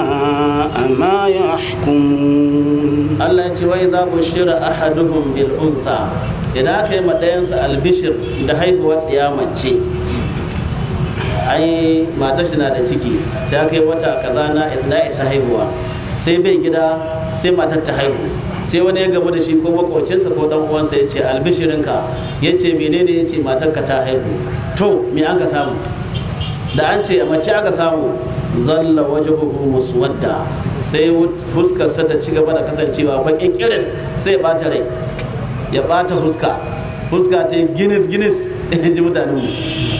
ya Allah ce za يحكمون الله يتي وإذا بشر أحدهم بالأنثى إذا كان مدينس albishir da haihuwar ya mace ai mata shi na da ciki ta kai wata kaza na na isa haihuwa sai bai gida sai matar ta haihu sai wani ya gamu da shi ko makocinsa ko dan uwansa ya ce albishirinka ya ce menene ya ce matarka ta haihu to me an ka samu da an ce a mace aka samu zalla wajhuhu muswadda sai sa ta ci gaba da kasancewa baƙin irin sai ya ɓata rai ya bata fuska fuska ta yi ginis ginis in ji mutane ne,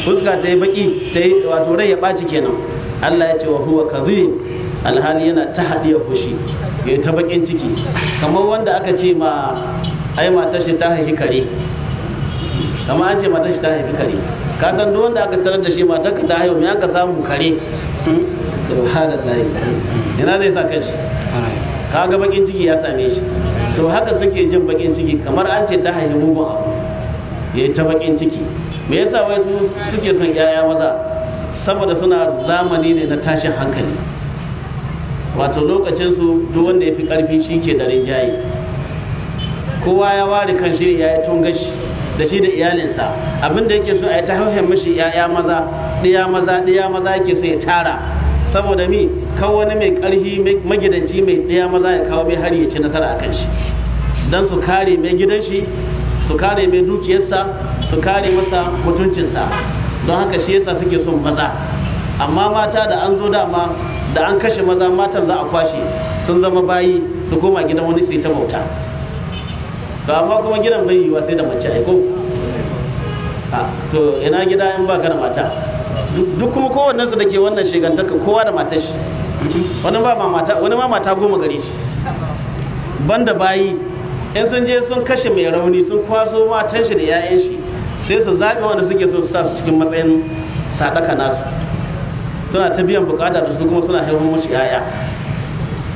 fuska ta yi baƙi ta yi wato rai ya baci kenan Allah ya ce wa huwa kadhib alhali yana ta haɗiya fushi ya ta baƙin ciki kamar wanda aka ce ma ai matar shi ta haifi kare kamar an ce matar shi ta haifi kare ka san duk wanda aka sanar da shi matar ka ta haihu me aka samu kare hmm? subhanallahi ina zai sa kanshi kaga bakin ciki ya same shi to haka suke jin bakin ciki kamar an ce ta haihu mugun abu ya ta bakin ciki me yasa wai su suke son yaya maza saboda suna zamani ne na tashin hankali wato lokacin su duk wanda ya fi karfi shi ke da rinjaye kowa ya ware kan shi ya yi gashi da shi da iyalinsa abinda yake so a yi ta haihu mashi yaya maza ɗiya maza ke maza yake so ya tara saboda mi kawo wani mai ƙarfi magidanci mai ɗaya maza ya kawo mai hari ya ci nasara a kan shi don su kare mai gidan shi su kare mai dukiyarsa su kare masa mutuncinsa don haka shi yasa suke son maza amma mata da an zo dama da an kashe maza matan za a kwashe sun zama bayi su koma gidan wani sai ta bauta to amma kuma gidan bai yiwa sai da mace aiko ah, to ina gida in ba ka da mata duk kuma kowannen su dake wannan shegantaka kowa da matar shi wani ma mata goma gare shi banda bayi in sun je sun kashe mai rauni sun kwaso matan shi da 'ya'yan shi sai su zaɓe wanda suke so su sa su cikin matsayin sadaka nasu suna ta biyan bukata da su kuma suna haifar musu 'ya'ya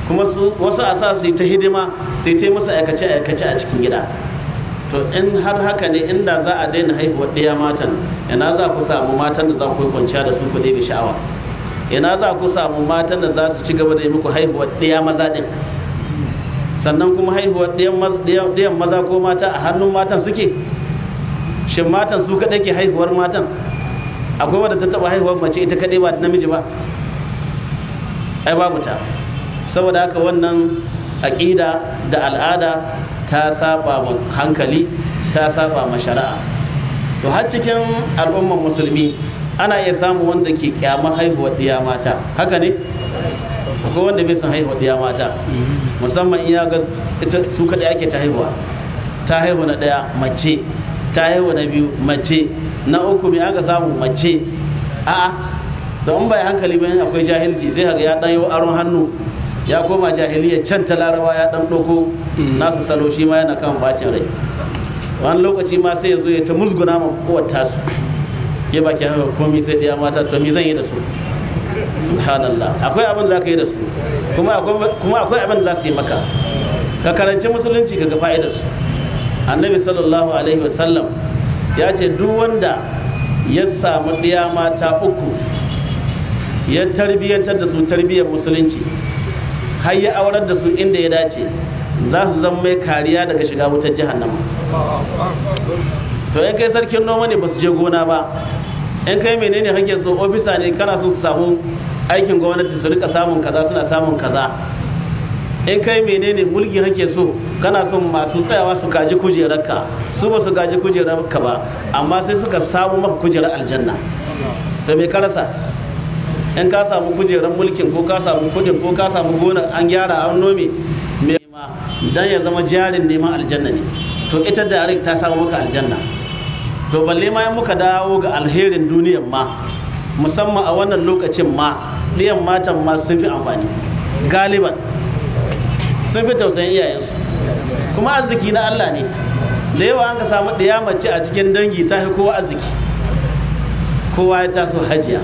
kuma wasu a sa su yi ta hidima sai ta yi musu aikace aikace a cikin gida to in har haka ne inda za a daina haihuwar ɗaya matan ina za ku samu matan da za ku yi kwanciya da su ku da sha'awa ina za ku samu matan da za su ci gaba da yi muku haihuwar ɗaya maza ɗin sannan kuma haihuwar ɗayan maza ko mata a hannun matan suke shin matan su kaɗai ke haihuwar matan akwai wadda ta taɓa haihuwar mace ita kaɗai ba namiji ba ai babu ta saboda haka wannan aƙida da al'ada ta saba ma hankali ta saba ma shari'a to har cikin al'ummar musulmi ana iya samu wanda ke kyamar haihuwar ɗiya mata haka ne ko wanda bai san haihuwar ɗiya mata musamman iya ga su kaɗai ake ta haihuwa ta haihu na ɗaya mace ta haihu na biyu mace na uku mai aka samu mace a'a da in bai hankali bayan akwai jahilci sai ya ɗan yi aron hannu ya koma jahiliya can ta laraba ya dan ɗauko mm. nasu salo shi ma yana kan bacin rai wani lokaci ma sai ya zo ya ta musguna ma kowar tasu ya baki haka komi sai ɗaya mata to mi zan yi da su subhanallah akwai abin za ka yi da su kuma akwai abin za su yi maka ka karanci musulunci ka ga fa'idar su annabi sallallahu alaihi wasallam ya ce duk wanda ya samu ɗaya mata uku ya tarbiyyantar da su tarbiyyar musulunci har ya auren da su inda ya dace za su zama mai kariya daga shiga wutar nama. to in kai sarkin noma ne ba su je gona ba in kai menene hake so ofisa ne kana so su samu aikin gwamnati su rika samun kaza suna samun kaza in kai menene mulki hake so kana son masu tsayawa su gaji kujerarka su ba su gaji ka ba amma sai suka samu maka kujerar aljanna to me ka in ka samu kujerar mulkin ko ka samu kudin ko ka samu gonar an gyara an nome mai ma dan ya zama jarin neman aljanna ne to ita direct ta samu maka aljanna to balle ma muka dawo ga alherin duniyar ma musamman a wannan lokacin ma ɗiyan matan ma sun fi amfani galiban sun fi tausayin iyayensu kuma arziki na Allah ne da yawa an ka samu ɗiya mace a cikin dangi ta fi kowa arziki kowa ya taso hajiya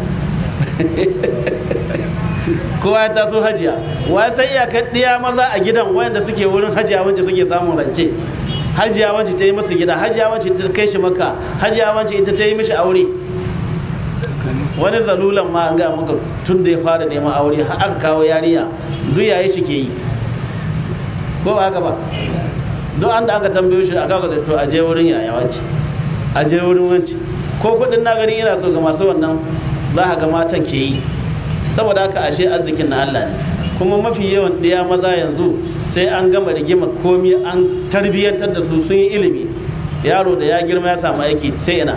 kowa ya taso hajiya wa sai iyakar ɗiya maza a gidan wayanda suke wurin hajiya wance suke samun rance hajiya wance ta yi musu gida hajiya wance ta kai shi maka hajiya wance ita ta yi mishi aure wani zalulan ma an gaya maka tun da ya fara neman aure har aka kawo yariya duk yayi shi ke yi ko ba haka ba duk an da aka tambayo shi aka kaza to aje wurin yaya wance aje wurin wance ko kudin na gani yana so ga masu wannan za a ga matan ke yi saboda haka ashe arzikin na Allah ne kuma mafi yawan ɗaya maza yanzu sai an gama rigima komi an tarbiyyantar da su sun yi ilimi yaro da ya girma ya samu aiki sai ina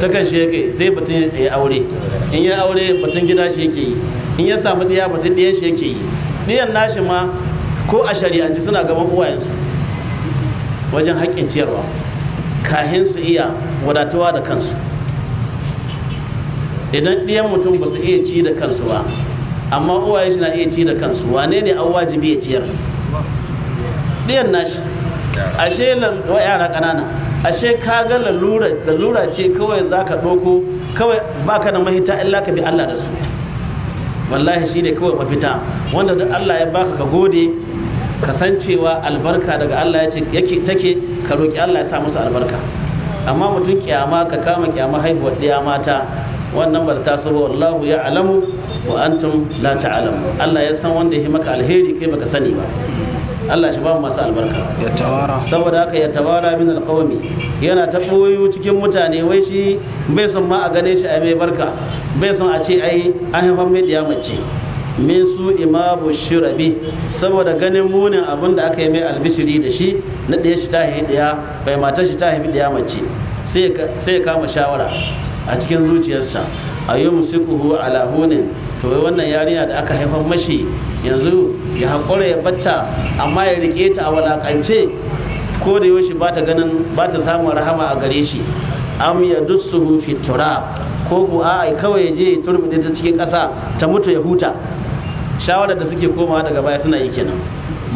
ta kan shi yake sai batun ya aure in ya aure batun gida shi yake yi in ya samu ɗaya batun ɗayan shi yake yi ɗiyan nashi ma ko a shari'anci suna gaban uwayensu wajen haƙƙin ciyarwa kahin su iya wadatawa da kansu idan ɗiyan mutum ba su iya ci da kansu ba amma uwaye shi na iya ci da kansu wane ne an wajibi ya ciyar ɗiyan nashi ashe wa yara ƙanana ashe ka ga lalura lalura ce kawai za ka ɗoko kawai baka da mahita illa ka bi Allah da su wallahi shi ne kawai mafita wanda da Allah ya baka ka gode cewa albarka daga Allah ya ce yake take ka roƙi Allah ya sa musu albarka amma mutum kiyama ka kama kiyama haihuwar ɗaya mata wannan bar ta so wallahu ya alamu wa antum la ta'lamu Allah ya san wanda ya maka alheri kai baka sani ba Allah shi ba masu albarka ya tawara saboda haka ya tawara min alqawmi yana ta koyo cikin mutane wai shi bai son ma a gane shi a mai barka bai son a ce ai an haifan mai mace min su imabu shirabi saboda ganin munin abin da aka yi mai albishiri da shi na ɗaya shi ta haifi ɗaya bai matar shi ta haifi ɗaya mace sai ya kama shawara a cikin zuciyarsa a musu musikuhu ala hunin to wannan yarinya da aka haifar mashi yanzu ya haƙura ya batta amma ya riƙe ta a walaƙance ko da yaushe ba ta ganin ba ta samun rahama a gare shi am ya dussuhu fi turab ko ku a kawai ya je turbide ta cikin ƙasa ta mutu ya huta shawarar da suke komawa daga baya suna yi kenan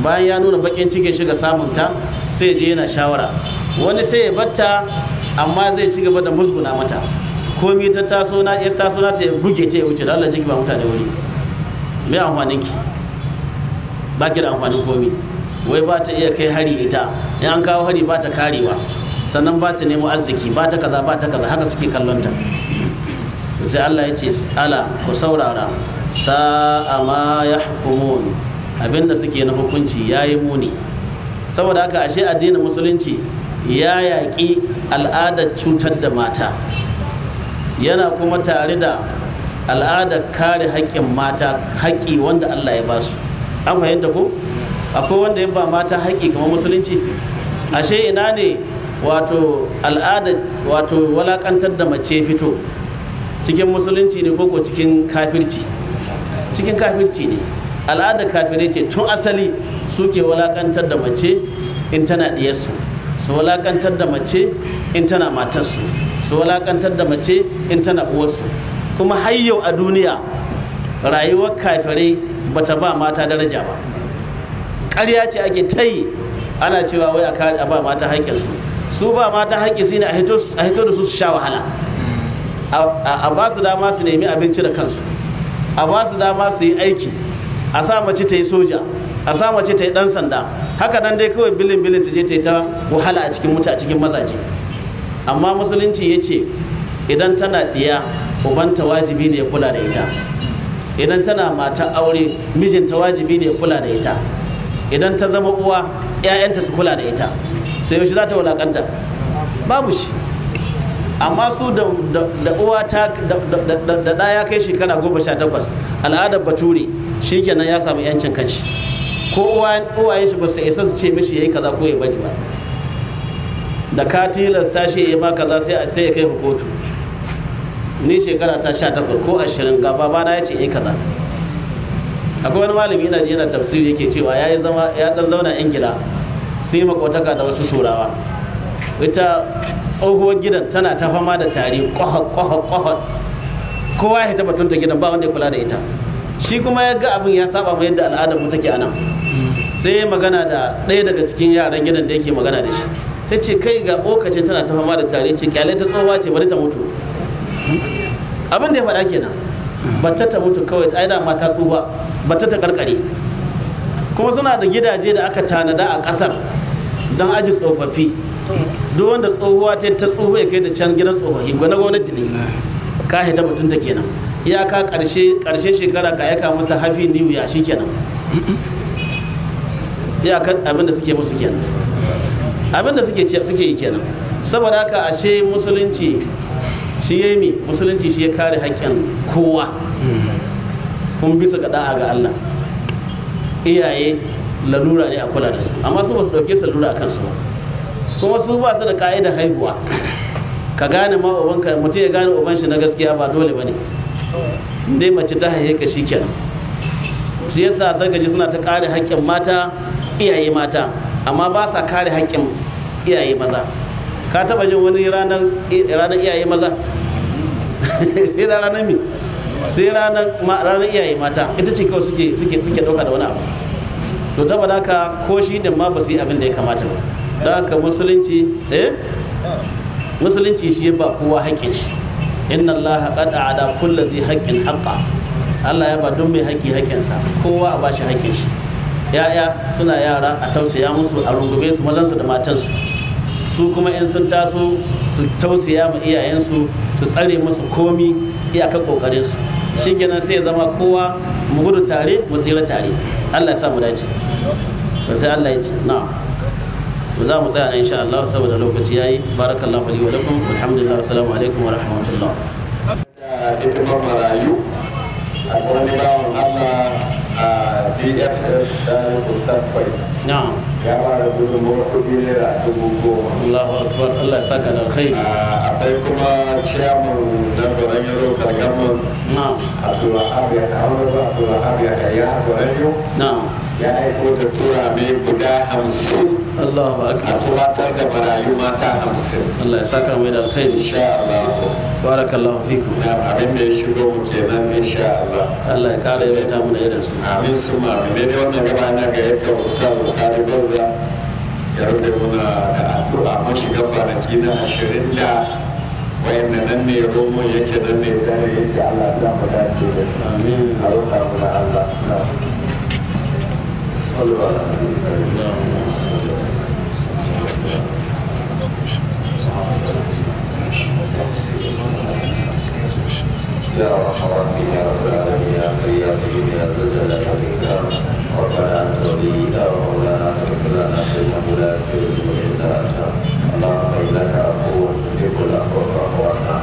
bayan ya nuna bakin cikin shiga samun ta sai je yana shawara wani sai ya batta amma zai ci gaba da musguna mata komi ta taso na ya taso na ta buge ta ya wuce da Allah jiki ba mutane wuri me amfanin ki ba ki da amfanin komi wai ba ta iya kai hari ita in an kawo hari ba ta karewa sannan ba ta nemo arziki ba ta kaza ba ta kaza haka suke kallon ta sai Allah ya ce ala ku saurara sa'a ma yahkumun abinda suke na hukunci yayi muni saboda haka ashe addinin musulunci ya yaƙi al'adar cutar da mata yana kuma tare da al'adar kare haƙƙin mata haƙƙi wanda Allah ya ba su an fahimta ko akwai wanda ya ba mata haƙƙi kamar musulunci ashe ina ne wato al'ada wato walakantar da mace fito cikin musulunci ne koko cikin kafirci cikin kafirci ne al'ada kafirai ce tun asali suke walakantar da mace in tana diyarsu su walakantar da mace in tana matarsu su walakantar da mace in tana uwarsu kuma har yau a duniya rayuwar kafirai bata ba mata daraja ba ƙarya ce ake ta yi ana cewa wai a ba mata haƙƙinsu su ba mata haƙƙi su ne a hito da su su sha wahala a ba su dama su nemi abinci da kansu a ba su dama su yi aiki a sa mace ta yi soja a sa mace ta yi ɗan sanda haka nan dai kawai bilin bilin ta je ta yi ta wahala a cikin mutu a cikin mazaje amma musulunci ya ce idan tana ɗiya ubanta wajibi ne ya kula da ita idan tana mata aure mijinta wajibi ne ya kula da ita idan ta zama uwa 'ya'yanta su kula da ita ta yaushe za ta wulaƙanta babu shi amma su da uwa ta da ɗa ya kai shekara goma sha takwas al'adar bature shi kenan ya samu 'yancin kanshi ko uwayen shi ba su isa su ce mishi ya yi kaza ko ya bani ba da ka tilasta shi ya ma kaza sai sai ya kai ku kotu ni shekara ta sha 18 ko ashirin gaba bana ya ce yi kaza akwai wani malami yana jina yana tafsiri yake cewa ya zama ya dan zauna ingila sai makotaka da wasu turawa ita tsohuwar gidan tana ta fama da tari kwahar kwahar kwahar kowa ya tabbatunta gidan ba wanda ya kula da ita shi kuma ya ga abin ya saba mu yadda al'adar mu take anan sai magana da ɗaya daga cikin yaran gidan da yake magana da shi ta ce kai ga okacin tana ta fama da tare ce kyale ta tsohuwa ce bari ta mutu abin da ya faɗa kenan bata ta mutu kawai ai da mata tsohuwa bata ta karkare kuma suna da gidaje da aka tanada a ƙasar don aji tsofaffi duk wanda tsohuwa ta ta tsohuwa kai ta can gidan tsofaffi gwana gwamnati ne ka ta mutunta kenan ka ƙarshe ƙarshe shekara ka ya kama ta hafi niyu ya shi kenan iyakar abin da suke musu kenan abin da suke suke yi kenan saboda haka ashe musulunci shi ya mi musulunci shi ya kare haƙƙin kowa kun bisa ga da'a ga Allah iyaye lalura ne a kula da su amma su ba su ɗauke lalura a kansu ba kuma su ba su da ka'idar haihuwa ka gane ma ubanka mutum ya gane uban shi na gaskiya ba dole ba ne dai mace ta haihe ka shi kenan su yasa sai ka ji suna ta kare haƙƙin mata iyaye mata amma ba sa kare haƙƙin iyaye maza ka taba jin wani ranar iyaye maza sai da ranar mi sai ranar iyaye mata ita ce kawai suke suke suke ɗauka da wani abu to ta da ka ko shi din ma ba su yi abin da ya kamata ba da ka musulunci eh musulunci shi ba kowa haƙƙin shi inna allah qada ala kulli zai haƙƙin haƙa, allah ya ba don mai haƙƙi haƙƙinsa kowa a bashi haƙƙin shi ya'ya suna yara a tausaya musu a rungume su mazansu da matansu su kuma in sun taso su tausaya ma iyayensu su tsare musu komi iyakar kokarin su shi kenan sai ya zama kowa mu gudu tare mu tsira tare Allah ya sa mu dace sai Allah ya ce na'am za mu tsaya insha Allah saboda lokaci yayi barakallahu li wa lakum alhamdulillah assalamu alaikum wa rahmatullah da marayu a wani bawan Allah a masarar sani musaffai ya ba da gudunmuwar kudi naira dubu ya saka ah, kuma ciyamun na gaban yaro Abdullahi Abiya Ahmadu Abdullahi Abiya Kayya Abdullahi ya aiko da turare guda hamsin Allahu akbar a tuwatar da marayu mata hamsin Allah ya saka mai da alkhairi insha Allah barakallahu fikum na abin da ya shigo mu kenan insha Allah Allah ya kare ya ta mu da irin su amin su ma ne ne wannan gaba na ga ta ustaz Bukhari Bazza ya rubuta muna da addu'a mun shiga kwanaki na ashirin da wayanda nan ne romo yake nan ne dare yake Allah ya mu dace da amin a roƙa mu Allah صلوا على يا ارحم الراحمين يا رب العالمين يا قيامين يا ذا الجلال والاكرام ربنا انت ولينا ومولانا فاغفر لنا فانه لا يغفر الذنوب الا انت اللهم انك عفو تحب العفو فاعف عنا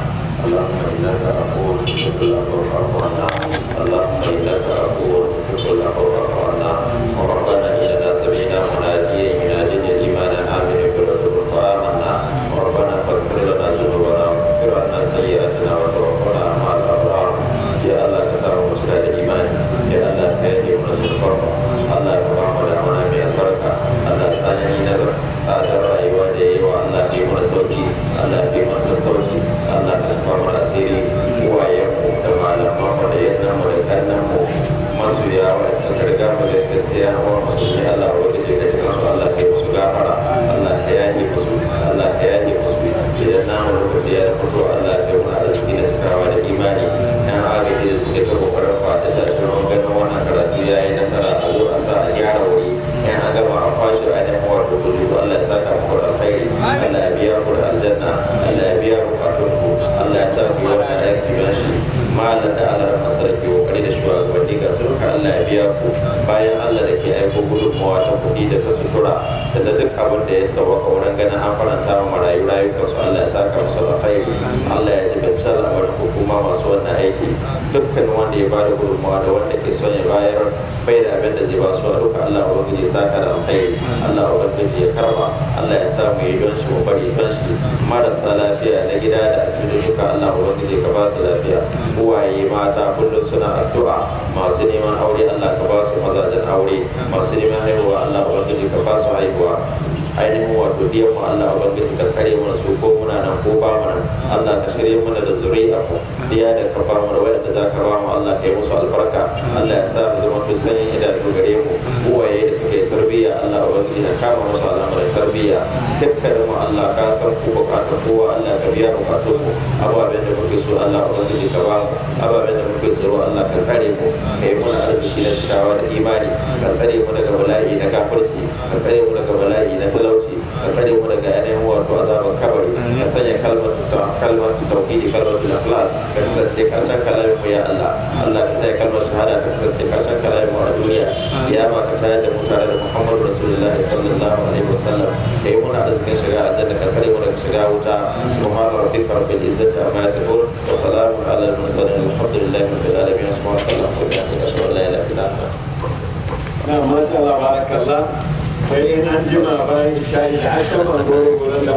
اللهم انك عفو تحب العفو فاعف عنا اللهم انك عفو تحب العفو فاعف عنا gafara Allah ka yaye musu Allah ka yaye musu idan namu lokaci ya fito Allah ya wani arziki da cikawa da imani dan agaji da suke ta kokarin fata da tunan ganin wannan karatu ya yi nasara a zo a sa a gyara wuri yan a gama a kwashe a yan uwar da kudu Allah ya saka muku da alkhairi Allah ya biya ku da aljanna Allah ya biya a ku Allah ya sa ku yi wannan aiki don shi malam da Allah ya masarki kokari da shugabanni ga sun ka Allah ya ku bayan Allah da ke aiko gudunmawa ta kuɗi da ta sutura da ta duk abin da ya a wurin ganin an faranta wa marayu rayukansu Allah ya sa ka musu alkhairi Allah ya ji bincin al'amarin hukuma masu wannan aiki dukkan wanda ya bada gudunmawa da wanda ke son ya bayar bai da abin da zai ba su a duka Allah ubangiji ya ka da alkhairi Allah ubangiji ya karba Allah ya sa mu yi don shi mu bari don shi marasa lafiya na gida da asibiti duka Allah ya ka ba su lafiya uwaye mata kullum suna addu'a masu neman aure Allah Allah ka ba su mazajen aure masu neman haihuwa Allah ubangiji ka ba su haihuwa ainihin wato biyan mu Allah ubangiji ka tsare mana su ko muna nan ko ba mana Allah ka shirye mana da zuri'a ku diya da ka mu da wadanda za ka ba mu Allah ka musu albarka Allah ya sa mu zama to ida idanu gare mu uwaye da suke tarbiyya Allah wani da kama musu al'amuran tarbiyya dukkan mu Allah ka san ku bukatun kowa Allah ka biya bukatun ku ababen da muke so Allah ubangiji ka ba mu ababen da muke Allah ka tsare mu ka yi muna arziki na cikawa da imani ka tsare mu daga bala'i na kafirci ka tsare mu daga bala'i da talauci ka tsare mu daga mu azaban kawai. ka sanya kalmatu ta kalmatu tauhidi kalmatu ikhlas ka kasance karshen kalamin mu ya Allah Allah ka sanya kalmar shahada ka kasance karshen kalamin mu a duniya ba ka tayar da mutane da Muhammadu Rasulullahi sallallahu alaihi wasallam ka yi muna arzikin shiga aljanna ka sani muna shiga wuta subhana a. rabbil izzati amma yasifun wa salamun ala al-mursalin alhamdulillahi rabbil alamin subhanallahi wa bihamdihi ashhadu an la ilaha illa anta astaghfiruka wa atubu ilaik sai in an jima bayan shayi a shafa da